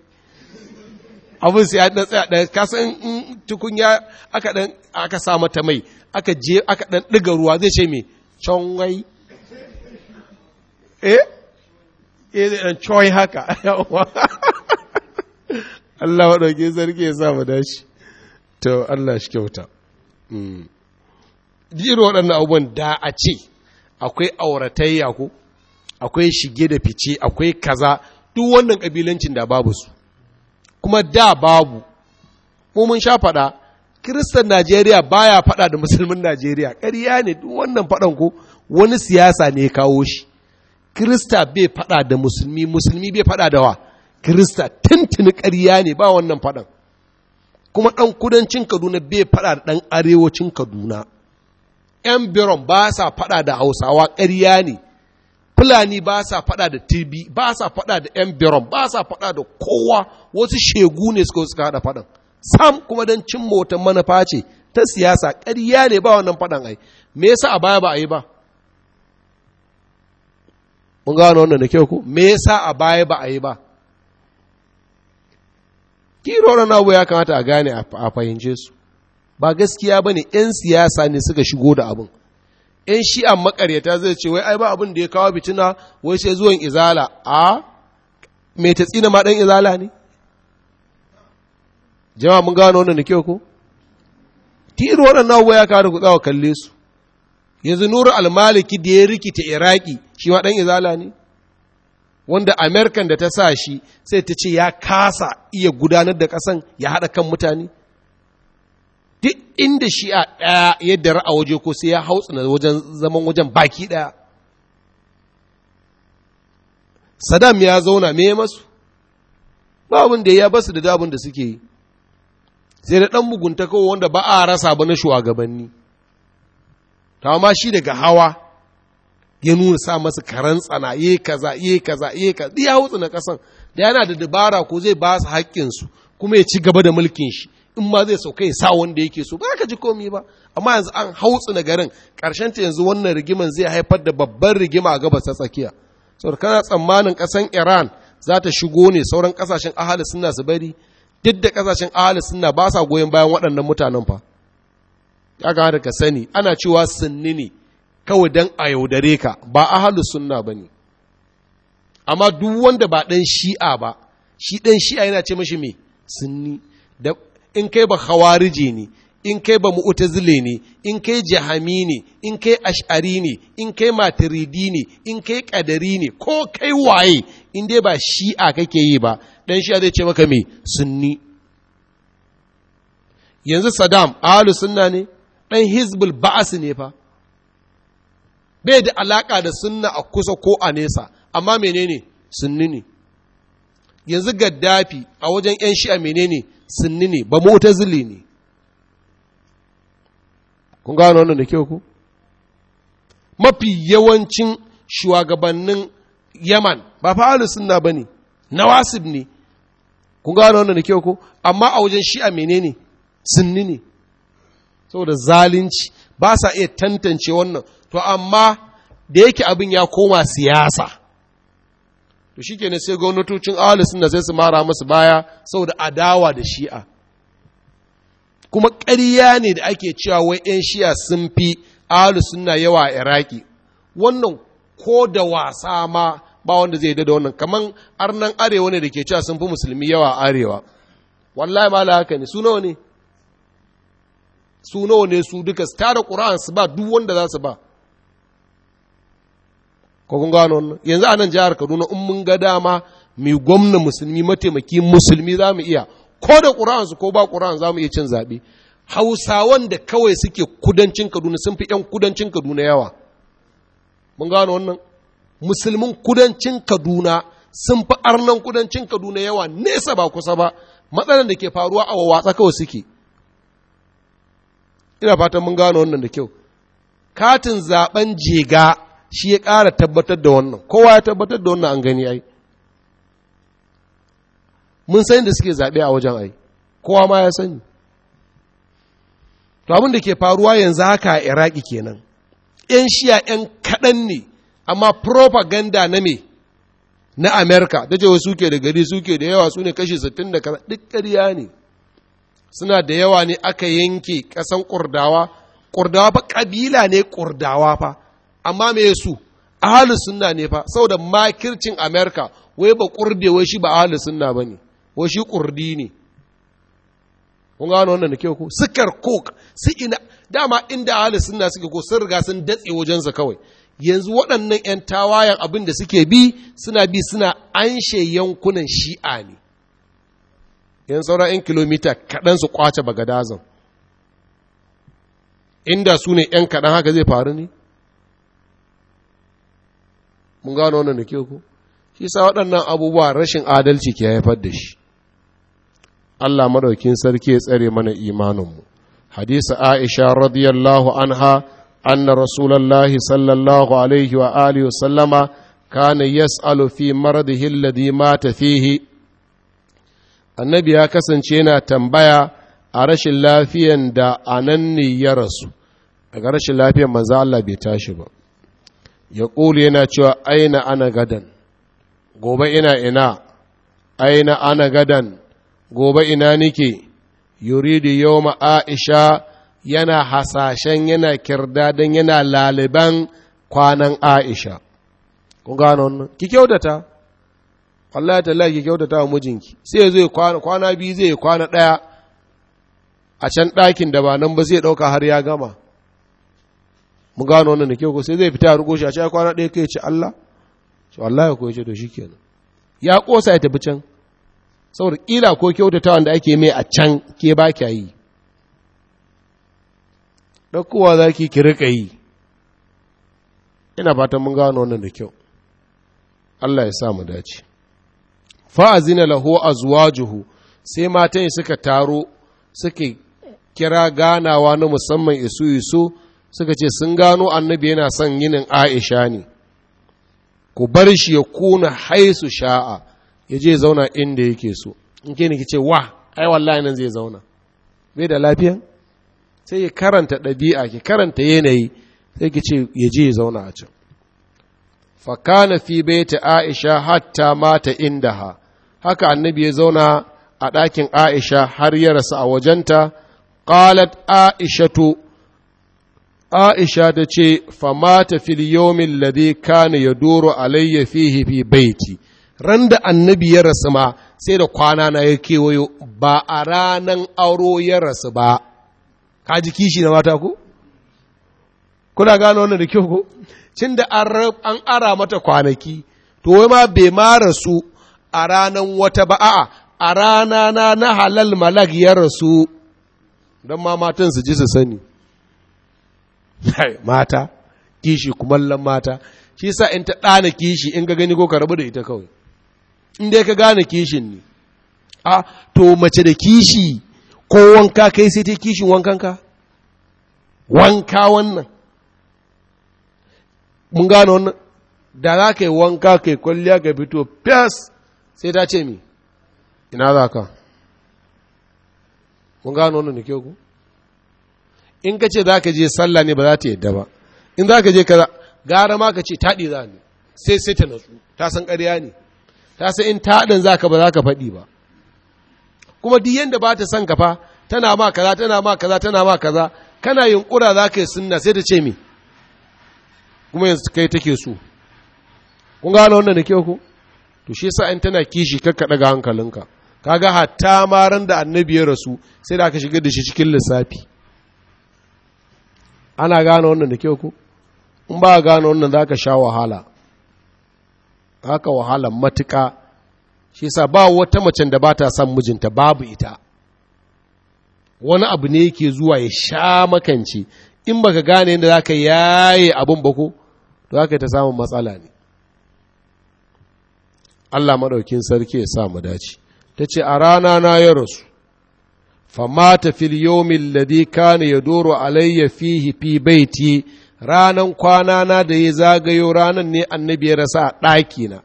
abin sai ya ɗan tsaya ɗan kasan tukunya aka ɗan aka sa mata mai aka je aka ɗan ɗiga ruwa zai ce mai congai eh irin haka yawa Allah waɗauki sarki ya sa mu dashi to Allah shi kyauta hmm. jiro waɗannan abubuwan da a ce akwai auratayya ko akwai shige da fice akwai kaza duk wannan ƙabilancin da babu su kuma da babu mu mun sha faɗa kiristan najeriya baya faɗa da musulmin najeriya ƙarya ne duk wannan faɗan ko wani siyasa ne kawo shi Kirista bai faɗa da musulmi, musulmi bai faɗa da wa, Kirista tuntuni ƙarya ne ba wannan faɗan. Kuma ɗan kudancin Kaduna bai faɗa da ɗan arewacin Kaduna. ‘Yan biron ba sa faɗa da Hausawa ƙarya ne, Fulani ba sa faɗa da Tibi, ba sa faɗa da ‘yan biron, ba sa faɗa da kowa, wasu shegu ne suka suka haɗa faɗan. Sam kuma don cin mota manufa ce ta siyasa ƙarya ne ba wannan faɗan ai, me yasa a baya ba a yi ba? mun gano wannan da kyau ku me yasa a baya ba a yi ba na abu ya kamata a gane a fahimce su ba gaskiya ba ne 'yan siyasa ne suka shigo da abin 'yan shi'an makaryata zai ce wai ai ba abin da ya kawo fitina wai sai zuwan izala a me ta tsina ma dan izala ne jama'a mun gano wannan da kyau ku tiro na abubuwa ya kawo ku tsawa kalle su yanzu nuru almaliki da ya rikita iraki shi ma ɗan izala ne wanda amerikan da ta sa shi sai ta ce ya kasa iya gudanar da kasan ya hada kan mutane duk inda shi'a ɗaya yadda ra'a waje ko sai ya na wajen zaman wajen baki ɗaya saddam ya zauna me masu ba da ya basu da dabin da suke yi sai da ɗan mugunta kawai wanda ba a rasa ba na shugabanni ta ma shi daga hawa ya nuna sa masu karan tsana yi kaza yi kaza yi kaza ya hutsu na kasan da yana da dabara ko zai ba su haƙƙinsu kuma ya ci gaba da mulkin shi in ma zai sauka ya sa wanda yake so ba ka ji komi ba amma yanzu an hau na garin karshen ta yanzu wannan rigiman zai haifar da babban rigima a gabas ta tsakiya saboda kana tsammanin ƙasan Iran za ta shigo ne sauran ƙasashen ahali suna su bari duk da ƙasashen ahali suna ba sa goyon bayan waɗannan mutanen fa ya kamata ka sani ana cewa sunni ne kawai don a yaudare ka ba halu sunna ba ne amma duk wanda ba ɗan shi'a ba shi ɗan shi'a yana ce mashi me sunni in kai ba hawarije ne in kai ba mu'tazile ne in kai jahami ne in kai ash'ari ne in kai maturidi ne in kai kadari ne ko kai waye in dai ba shi'a kake yi ba ɗan shi'a zai ce maka me sunni yanzu saddam ahlus sunna ne ɗan hizbul ba'as ne fa bai da alaƙa da sunna a kusa ko a nesa amma menene sunni ne yanzu gaddafi a wajen 'yan shi'a menene sunni ne ba zili ne kun gano wannan da kyau ku mafi yawancin shugabannin yaman ba fa fa'alu sunna ba ne nawasib ne kun gano wannan da kyau ku amma a wajen shi'a menene sunni ne saboda zalunci ba sa iya tantance wannan to amma da yake abin ya koma siyasa to shi ne sai gwamnatocin ahalu suna sai su mara masu baya saboda adawa da shi'a kuma ƙarya ne da ake cewa wai 'yan shi'a sun fi ahalu suna yawa a iraki wannan ko da wasa ma ba wanda zai da wannan kamar arnan arewa ne da ke cewa sun fi musulmi yawa arewa wallahi ma haka ne su nawa ne su nawa ne su duka su tara ƙura'an su ba duk wanda za su ba ko gano wannan yanzu a nan jihar kaduna in mun ga dama mai gwamna musulmi mataimaki musulmi za mu iya ko da ƙura'an su ko ba ƙura'an za mu iya cin zaɓe hausawan da kawai suke kudancin kaduna sun fi 'yan kudancin kaduna yawa mun gano wannan musulmin kudancin kaduna sun fi arnan kudancin kaduna yawa nesa ba kusa ba matsalar da ke faruwa a wawatsa kawai suke ina fatan mun gano wannan da kyau katin zaben jega shi ya ƙara tabbatar da wannan kowa ya tabbatar da wannan an gani ai mun san da suke zaɓe a wajen ai kowa ma ya sani to abin da ke faruwa yanzu haka a iraki kenan yan shiya yan kaɗan ne amma propaganda na me na amerika da cewa suke da gari suke da yawa su ne kashi 60 da kaza duk ƙarya ne suna da yawa ne aka yanke ƙasan ƙurdawa ƙurdawa fa ƙabila ne ƙurdawa fa amma me su ahalus sunna ne fa saboda makircin america wai ba ƙurde wai shi ba ahalus sunna ba ne wai shi ƙurdi ne kun gano wannan da ke ko sukar kok. su ina dama inda ahalus sunna suke ko sun riga sun datse wajensa kawai yanzu waɗannan 'yan tawayen abin da suke bi suna bi suna anshe yankunan shi'a ne yan saura 'yan kilomita kaɗan su kwace bagadazan inda su ne 'yan kaɗan haka zai faru ne mun gano wannan da kyau ku shi sa waɗannan abubuwa rashin adalci ke haifar da shi Allah maɗaukin sarki ya tsare mana imaninmu hadisa Aisha radiyallahu anha anna rasulullahi sallallahu alaihi wa alihi sallama kana yas'alu fi maradihi alladhi mata fihi annabi ya kasance yana tambaya a rashin lafiyan da anan ne ya rasu daga rashin lafiyan manzo Allah bai tashi ba ya ƙulu yana cewa aina ana gadan gobe ina ina aina ana gadan gobe ina nike yuridi yawma aisha yana hasashen yana kirdadan yana laliban kwanan aisha kun gano ki kyautata Allah tallahi ki kyautata wa mijinki sai zai kwana kwana biyu zai kwana ɗaya a can ɗakin da ba nan ba sai ɗauka har ya gama mun gano wannan da kyau ko sai zai fita ya rugo shi a cikin kwana ɗaya kai ce Allah to wallahi ya yace to shikenan ya kosa ya tafi can saboda kila ko kyautata wanda ake mai a can ke ba kya yi ɗaukowa za ki ki rika yi ina fatan mun gano wannan da kyau Allah ya sa mu dace fa'azina zuwa juhu, sai matan suka taro suka kira ganawa na musamman isu isu suka ce sun gano annabi yana son yinin aisha ne ku bar shi ya kuna haisu sha'a ya je zauna inda yake so in ke ne ce wa ai wallahi nan zai zauna bai da lafiya sai ya karanta ɗabi'a ki karanta yanayi sai ki ce ya je zauna a can fakana fi bai ta aisha hatta mata inda ha. haka annabi ya zauna a ɗakin aisha har ya rasu a wajenta Aisha aishatu aisha ta ce famata fil yawmin kane ya doro alayya fihi fi baiti ran da annabi ya rasu ma sai da kwana na ya kewayo ba a ranan auro ya rasu ba ka ji kishi na mata ku kuna gano wannan da kyau ko cin da an ara mata kwanaki to wai ma bai ma rasu a ranan wata ba a'a a rana na na halal malak ya rasu don ma matan su ji su sani [laughs] mata kishi kumallon mata shi sa in ta ɗana kishi in ga gani ko ka rabu da ita kawai in dai ka gane kishin ne a to mace da kishi ko wanka kai sai ta kishin wankanka wanka wannan mun gane wannan da za ka yi wanka kai kwalliya ga fito fes sai ta ce mi ina za ka kun gano wannan da ku in ka ce za ka je sallah ne ba za ta yadda ba in za ka je kaza gara ma ka ce taɗi za ne sai sai ta natsu ta san ƙarya ne ta san in taɗin za ka ba za ka faɗi ba kuma duk yadda ba ta san ka fa tana ma kaza tana ma kaza tana ma kaza kana yunƙura za ka yi sunna sai ta ce mi kuma yanzu kai take so kun gano wannan da kyau ku to shi sa in tana kishi kakka daga hankalinka kaga hatta ma ran da annabi ya rasu sai da aka shiga da shi cikin lissafi ana gane wannan da kyau ko in ba gane wannan za ka sha wahala za wahala matuƙa shi sa ba wata macen da ba ta son mijinta babu ita wani abu ne yake zuwa ya sha makance in baka gane yadda za ka yaye abin ba ko to za ka ta samun matsala ne Allah maɗaukin sarki ya sa mu dace ta ce a rana na ya rasu famata fil yomin ladi kana ya doro alayya fihi fi baiti ranan kwana na da ya zagayo ranan ne annabi ya rasa a ɗakina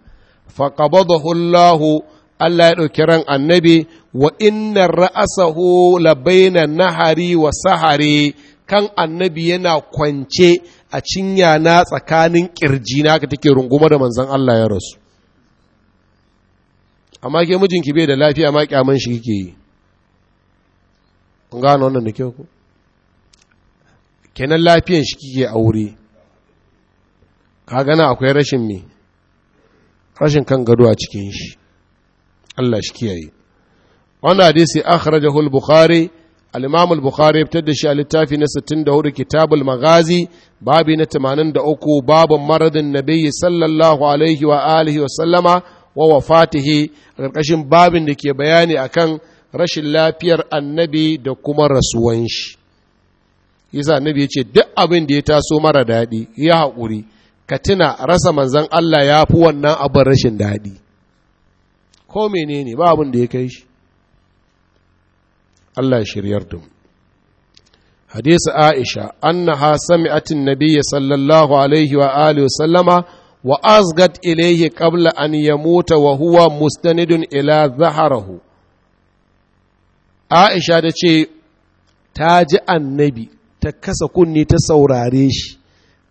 fa Hullahu Allah ya ɗauki ran annabi wa inna ra'asahu labaina nahari wa sahari kan annabi yana kwance a cinya na tsakanin kirji na ka take runguma da manzon Allah ya rasu amma ke mijinki bai da lafiya ma kyaman shi kike yi kun gano wannan da kyau ku kenan lafiyan shi kike aure ka gana akwai rashin me rashin kan gado a cikin shi Allah shi kiyaye wannan hadisi akhrajahu al-bukhari al-imam al-bukhari fitar da shi a littafi na 64 kitabul magazi babi na 83 babun maradin nabiyyi sallallahu alaihi wa alihi wa sallama wa wafatihi ƙarƙashin babin da ke bayani akan rashin lafiyar annabi da kuma rasuwan shi yasa annabi ya ce duk abin da ya taso mara daɗi ya haƙuri ka tuna rasa manzan Allah ya fi wannan abin rashin daɗi ko menene ba abin da ya kai shi Allah shiryar da hadisi Aisha annaha sami'atin nabiyyi sallallahu alaihi wa alihi wa sallama wa azgat ilaihi qabla an yamuta wa huwa mustanidun ila zaharahu Aisha da ce ta ji annabi ta kasa kunni ta saurare shi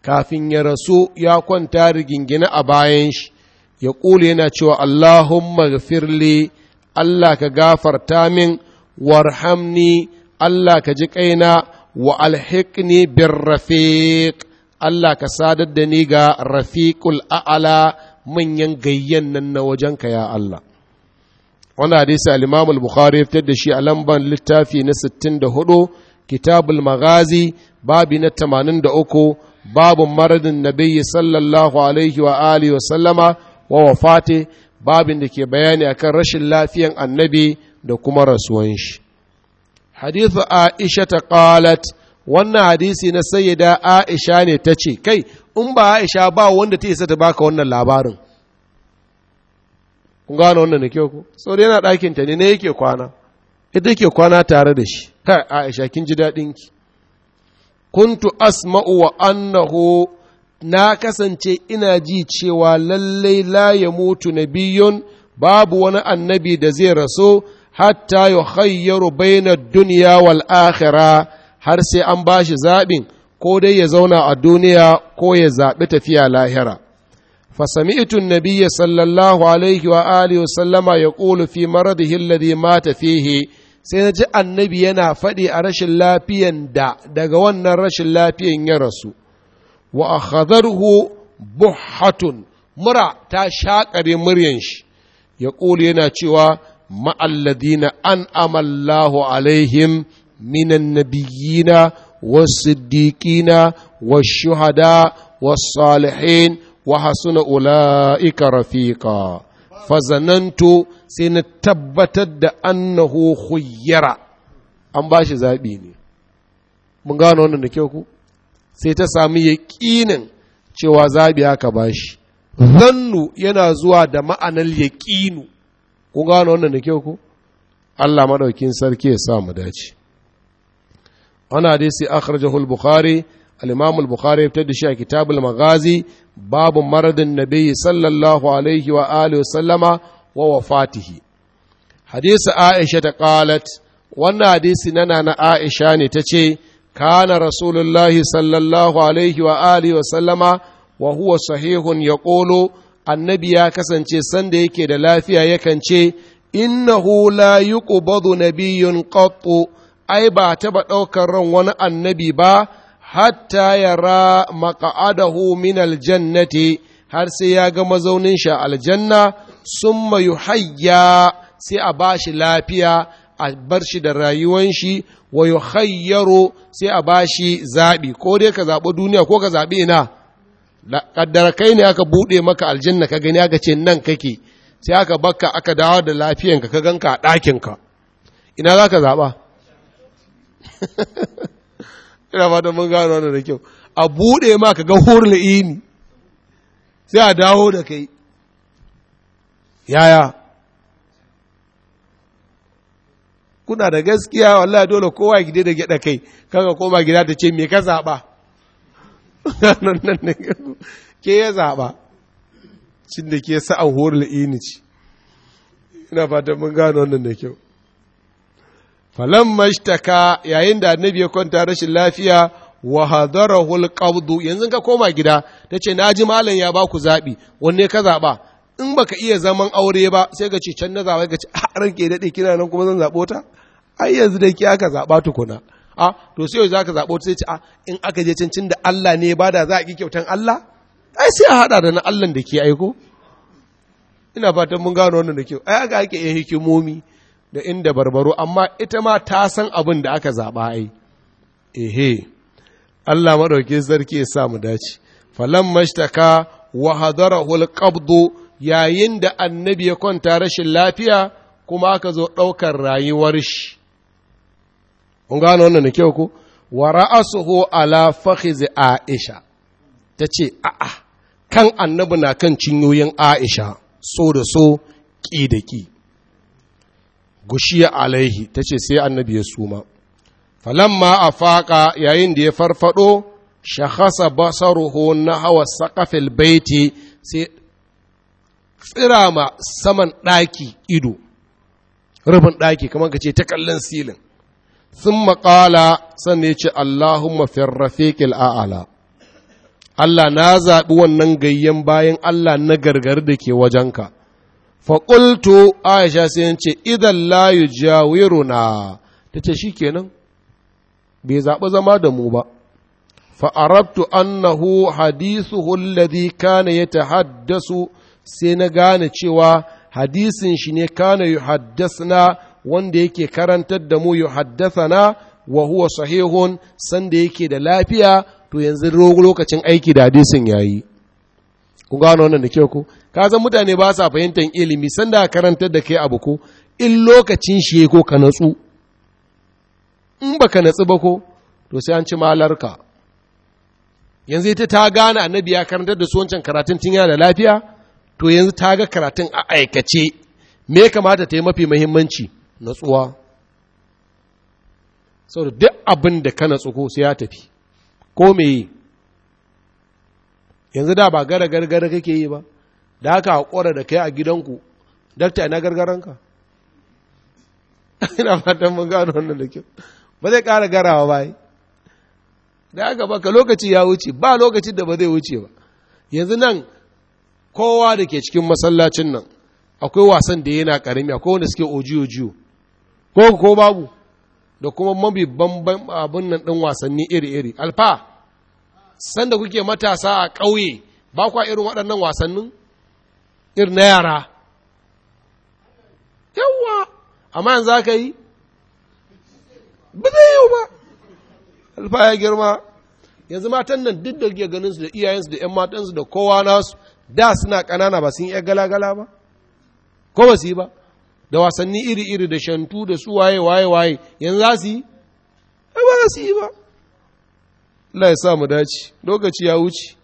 kafin ya rasu ya kwanta rigingine a bayan shi ya ƙule yana cewa Allahumma gafirli Allah ka gafarta min warhamni Allah ka ji kaina wa alhikni birrafiq Allah ka sadar da ni ga rafiqul a'ala manyan gayyan nan na wajenka ya Allah Wanda hadisi al-Imam al-Bukhari ya da shi a lamban littafi na 64 Kitabul Maghazi babi na 83 babu maradin nabiyyi sallallahu alaihi wa alihi wa sallama wa wafati babin da ke bayani akan rashin lafiyan annabi da kuma rasuwan shi hadithu Aisha ta qalat wannan hadisi na sayyida aisha ne ta ce kai in ba aisha ba wanda ta isa ta baka wannan labarin kun gano wannan da kyau ku saboda yana ɗakin ta ne ne yake kwana ita yake kwana tare da shi kai aisha kin ji daɗin ki kuntu asma'u wa annahu na kasance ina ji cewa lallai la ya mutu nabiyun babu wani annabi da zai raso hatta yukhayyaru baina dunya wal akhirah har sai an ba shi zaɓin ko dai ya zauna a duniya ko ya zaɓi tafiya lahira fasami'tu Nabiya sallallahu alaihi wa alihi sallama ya qulu fi maradihi alladhi mata fihi sai na ji annabi yana faɗi a rashin lafiyan da daga wannan rashin lafiyan ya rasu wa akhadharhu buhatun mura ta shaƙare muryan shi ya ƙoli yana cewa ma'alladina an amallahu alaihim minan nabiyina wasiddiqina wa wasalihin wa hasuna ula'ika rafiqa Fazananto sai na tabbatar da annahu khuyyara an ba shi zaɓi ne mun gano wannan da kyau ku sai ta sami yaƙinin cewa zaɓi aka ba shi zannu yana zuwa da ma'anar yaƙinu kun gano wannan da kyau ku Allah maɗaukin sarki ya sa mu dace wani hadisi akhrajahu al-bukhari al-imam bukhari ya fitar da shi a kitabul magazi babu maradin nabiyyi sallallahu alaihi wa sallama wa wafatihi hadisi aisha ta qalat wannan hadisi nana na aisha ne ta ce kana rasulullahi sallallahu alaihi wa alihi wa sallama wa huwa sahihun yaqulu annabi ya kasance sanda yake da lafiya yakan ce innahu la yuqbadu nabiyyun qattu ai ba taɓa ɗaukar ran wani annabi ba hatta yara maka'adahu min aljannati har sai ya ga mazaunin shi aljanna summa yuhayya sai a bashi lafiya a bar shi da rayuwan shi wa yuhayyaro sai a bashi zaɓi ko dai ka zaɓi duniya ko ka zaɓi ina kaddara kai ne aka buɗe maka aljanna ka gani aka ce nan kake sai aka bakka aka dawo da lafiyanka ka ganka a ɗakinka ina za ka zaɓa [laughs] ina fata mun gano wannan da kyau a buɗe ma ka ga hurla ini sai a dawo da kai yaya kuna da gaskiya wallahi dole kowa gide da gida kai kaga koma gida ta ce me ka zaɓa [laughs] ke ya zaɓa cin da ke sa'an hurla ini ci ina fata mun gano wannan da kyau falan mashtaka yayin da annabi ya kwanta rashin lafiya wa hadarahul hulƙaudu. yanzu ka koma gida tace na ji malam ya baku zabi wanne ka zaba in baka iya zaman aure ba sai ka ce can na zaba ka ce a ah, ranke dade kina nan kuma zan zabo ta ai yanzu dai ki aka zaba tukuna a ah, to sai yau zaka zabo sai ce a ah, in aka je can da Allah ne ba da za a ki kyautan Allah ai sai a hada da na Allah da ke aiko ina fatan mun gano wannan da kyau ai aka ake iya hikimomi da inda barbaro amma ita ma ta san abin da aka zaɓa ai ehe Allah maɗauki zarki ya sa mu dace falan mashtaka wa hadarahul qabdu yayin da annabi ya kwanta rashin lafiya kuma aka zo ɗaukar rayuwar shi kun gano wannan da kyau ko wa ra'asuhu ala fakhiz aisha tace a'a kan annabi na kan cinyoyin aisha so da so ƙi da ƙi gushiya alaihi ta ce sai annabi ya suma falamma a faƙa yayin da ya farfado shahasa basaruhu na hawa saƙafil baiti sai tsirama saman ɗaki ido rufin ɗaki kamar ka ce ta kallon silin sun maƙala san ya ce allahumma firrafiƙil a'ala Allah na zaɓi wannan gayyan bayan Allah na gargari da ke wajenka faƙultu aisha sai ce idan layu jawiruna ta ce shi kenan bai zaɓi zama da mu ba fa'arabtu annahu hadisu Hulladi, kana ya tahaddasu sai na gane cewa hadisin shi ne kana yi haddasna wanda yake karantar da mu yi na wa huwa sahihun sanda yake da lafiya to yanzu lokacin aiki da hadisin yayi ku gano wannan da kyau ku ka san mutane ba sa fahimtar ilimi san sanda karantar da kai abu ko in lokacin shi ko ka natsu in ba ka natsu ba ko to sai an ci malarka yanzu ita ta gane annabi ya karantar da su wancan karatun tun yana da lafiya to yanzu ta ga karatun a aikace me ya kamata ta yi mafi muhimmanci natsuwa saboda duk abin da ka natsu ko sai ya tafi ko me yanzu da ba gara gargara kake yi ba da haka haƙura da kai a gidanku dakta ina gargaranka [laughs] ina fatan mun gano wannan da kyau ba zai ƙara garawa ba da haka baka lokaci ya wuce ba lokacin da ba zai wuce ba yanzu nan kowa da ke cikin masallacin nan akwai wasan da yana karami akwai wanda suke ojiyo-jiyo ko ko babu da kuma mabibban abin nan ɗin wasanni iri-iri alfa sanda kuke matasa a ƙauye ba kwa irin waɗannan wasannin irin na yara yawwa amma yanzu aka yi ba zai yi ba alfa ya girma yanzu matan nan duk da ke ganin su da iyayensu da 'yan matansu da kowa nasu da suna ƙanana ba sun yi gala-gala ba ko ba su yi ba da wasanni iri-iri da shantu da su waye waye waye yanzu za su yi ba za su yi ba Allah ya sa mu dace lokaci ya wuce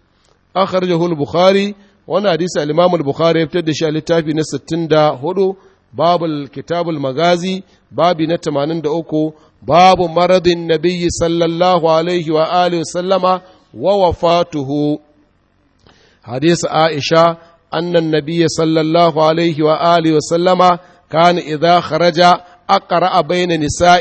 akhrajahu al-bukhari wani hadisi al-imam al-bukhari ya fitar da shi a littafi na 64 babul kitabul magazi babi na 83 babu maradin nabiyyi sallallahu alaihi wa alihi wa sallama wa wafatuhu hadisi aisha annan أن النبي صلى الله عليه وآله وسلم كان إذا خرج أقرأ بين Aisha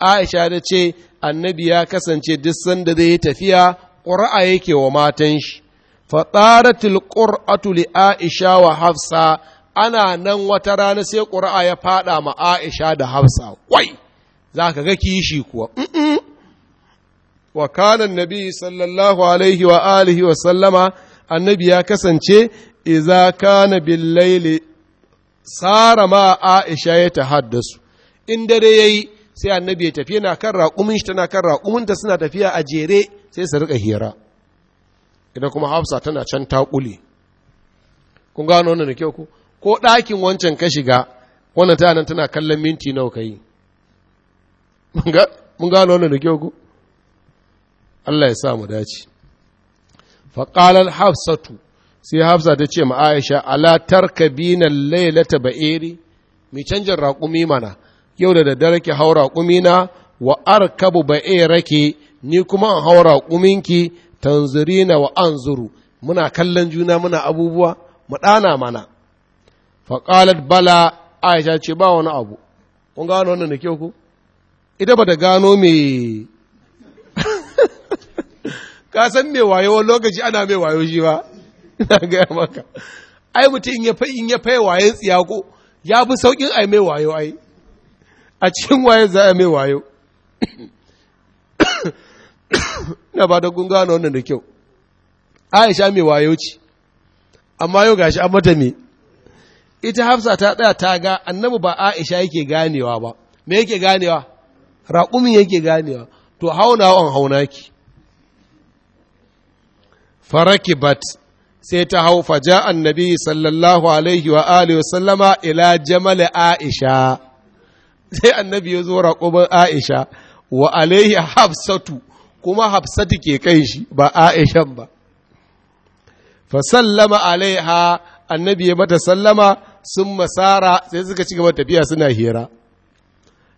عائشة ce annabi ya kasance duk sanda zai tafiya ƙura'a yake wa matan shi fatsaratul qur'atu li aisha wa hafsa ana nan wata rana sai ƙura'a ya faɗa ma aisha da hafsa wai za ka ga kishi kuwa wa kana nabi sallallahu alaihi wa alihi wa sallama annabi ya kasance iza kana bil sara ma aisha ya tahaddasu in dare yayi sai annabi ya tafi na kan raƙumin shi tana kan raƙuminta suna tafiya a jere sai su rika hira idan kuma hafsa tana can taƙuli kun gano wannan da kyau ku ko ɗakin wancan ka shiga wannan ta nan tana kallon minti nawa ka yi mun gano wannan da kyau ku Allah ya sa mu dace faƙalar hafsatu sai hafsa ta ce ma aisha ala tarkabina lailata ba'iri mai canjin raƙumi mana yau da daddare ki haura kumina wa arkabu rake ni kuma an haura kuminki tanzurina wa anzuru muna kallon juna muna abubuwa mu ɗana mana qalat bala aisha ce ba wani abu kun gano wannan da kyau ku ita ba gano me [laughs] ka san me wayo wani lokaci ana me wayo shi ba ina gaya maka ai mutum in ya fai wayan tsiya ko ya fi sauƙin ai mai wayo ai a cikin waye za a mai wayo na ba da kun gano wannan da kyau aisha mai wayo ce amma yau gashi an mata me ita hafsa ta tsaya ta ga annabi ba aisha yake ganewa ba me yake ganewa raƙumin yake ganewa to hauna wa hauna ki bat sai ta hau faja annabi sallallahu alaihi wa alihi wa sallama ila jamal aisha [laughs] sai annabi ya zo raƙuban aisha wa alaihi hafsatu kuma hafsatu ke kai shi ba aishan ba sallama alaiha annabi ya mata sallama sun masara sai suka ci gaba tafiya suna hira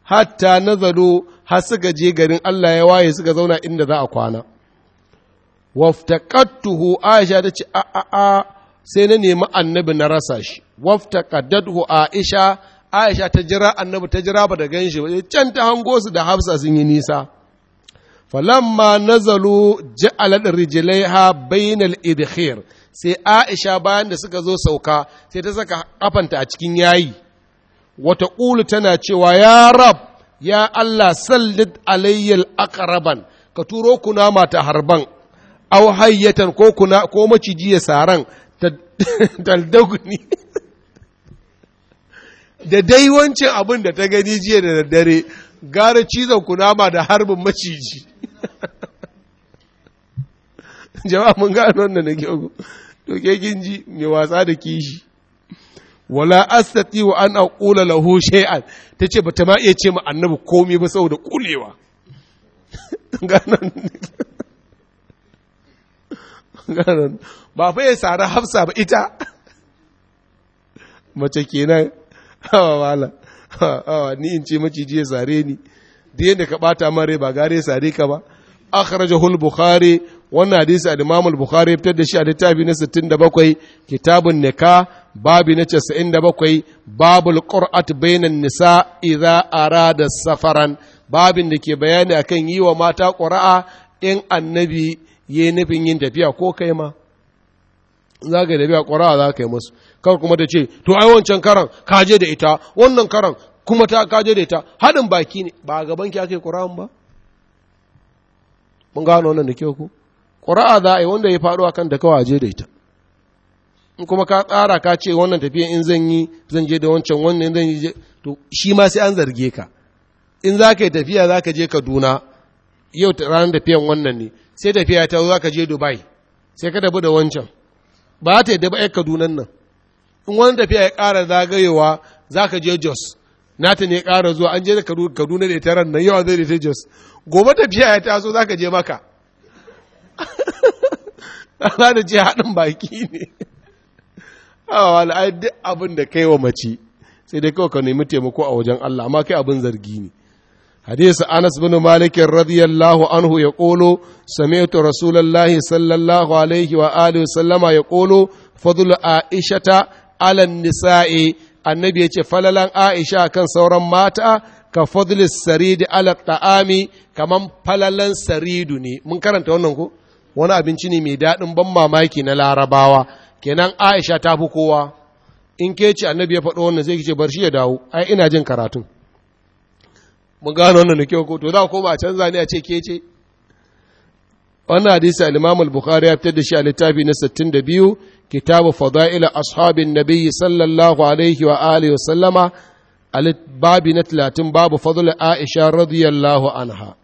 hatta nazaru har suka je garin Allah ya waye suka zauna inda za a kwana waftaqattuhu aisha ta ce a a a sai na nemi annabi na rasa shi waftaqaddatuhu aisha aisha ta jira annabi ta jira ba da gan shi ba eh, can ta hango su da hafsa sun yi nisa falamma nazalu ja'alat rijlaiha bainal idkhir sai aisha bayan da suka zo sauka sai ta saka kafanta a cikin yayi wata ƙulu tana cewa ya rab ya Allah sallid alayyal aqraban ka turo kuna mata harban au hayyatan ko kuna ko maciji ya saran taldaguni [laughs] [laughs] da dai wancan abin da ta gani jiya da daddare gara cizon kunama da harbin maciji [laughs] jama'a mun gano wannan da kyau to ke kin ji mai wasa da kishi wala astati wa an aqula lahu shay'an tace bata ma iya ce ma annabi komai ba saboda kulewa [laughs] [laughs] ba fa ya sara hafsa ba ita mace kenan hawa wala hawa ni in ce maciji ya sare ni da yadda ka bata mare ba gare sare ka ba kharaja hul bukhari wannan hadisi a limamul bukhari fitar da shi a littafi na 67 kitabun Nika, babi na 97 babul qur'at bainan nisa idza arada safaran babin da ke bayani akan yi wa mata qura'a in annabi yayi nufin yin tafiya ko kai ma za ka tafiya qura'a za ka yi musu kar kuma ta ce to ai wancan karan kaje da ita wannan karan kuma ta kaje da ita haɗin baki ne ba a gaban ki ake ƙura'an ba mun gano wannan da kyau ku ƙura'a za a yi wanda ya faɗo akan da kawai je da ita in kuma ka tsara ka ce wannan tafiyan in zan yi zan je da wancan wannan zan yi to shi ma sai an zarge ka in za ka yi tafiya za ka je kaduna yau ranar tafiyan wannan ne sai tafiya ta za ka je dubai sai ka dabu da wancan ba ta yi da ba kadunan nan in wani tafiya ya ƙara zagayewa za ka je jos nata ne ƙara zuwa an je kaduna da ita ran nan yawa zai da jos gobe tafiya ya taso za ka je maka [laughs] za da ce haɗin baki ne [laughs] awa ai duk abin da kai wa mace sai dai kawai ka nemi taimako a wajen Allah amma kai abin zargi ne hadisi Anas bin Malik radiyallahu anhu ya kolo sami'tu rasulullahi sallallahu alaihi wa alihi sallama ya kolo fadlu aishata alan nisa'i annabi ya ce falalan aisha kan sauran mata ka fadlis saridi ala ta'ami kaman falalan saridu ne mun karanta wannan ku? wani abinci ne mai daɗin ban mamaki na larabawa kenan aisha ta fi kowa in ke ce annabi ya faɗo wannan zai ce bar shi ya dawo ai ina jin karatun mun gano wannan da kyau ko to za ku koma a canza ne a ce ke ce wannan hadisi al-Imam bukhari ya fitar da shi a littafi na 62 kitabu fada'il ashabin nabiyyi sallallahu alaihi wa alihi sallama babi na 30 babu fadl Aisha radiyallahu anha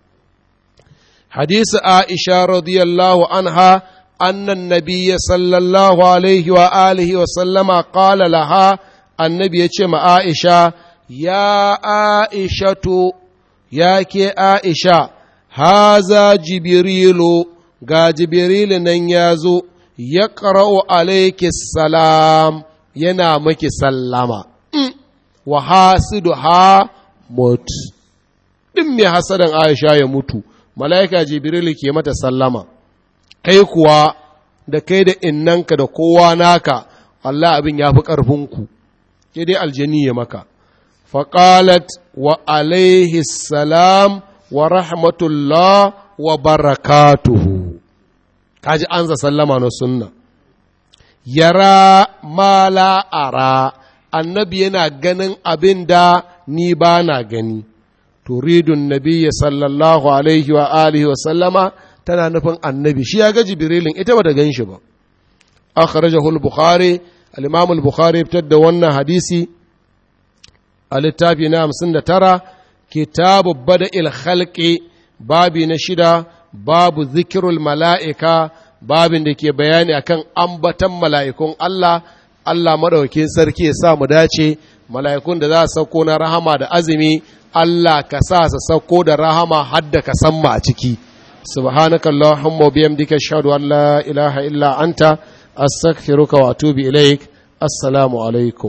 حديث عائشة رضي الله عنها أن النبي صلى الله عليه وآله وسلم قال لها النبي يتشم Aisha يا عائشة يا كي عائشة ga jibril nan ya zo ya ƙara'u salam yana maki sallama mm. wa hasidu ha mut ɗin mai hasadan aisha ya mutu mala'ika jibril ke mata sallama kai kuwa da kai da innanka da kowa naka Allah abin ya fi ƙarfinku ke dai aljani ya maka faƙalat wa alaihi salam wa rahmatullah wa barakatuhu kaji an za sallama na sunna yara mala ara annabi yana ganin abin da ni ba na gani turidun nabiyya sallallahu alaihi wa alihi wa sallama tana nufin annabi shi ya ga birilin ita bata gan shi ba akhrajahu al-bukhari al-imam al-bukhari fitar da wannan hadisi a littafi na 59 kitabu bada khalqi babi na shida babu zikirul mala'ika babin da ke bayani akan ambatan mala'ikun Allah Allah maɗaukin sarki ya sa mu dace mala'ikun da za su sauko na rahama da azumi Allah ka sa su sauko da rahama hadda ka san mu a ciki subhanaka allahumma wa dika ashhadu an la ilaha illa anta assalamu alaikum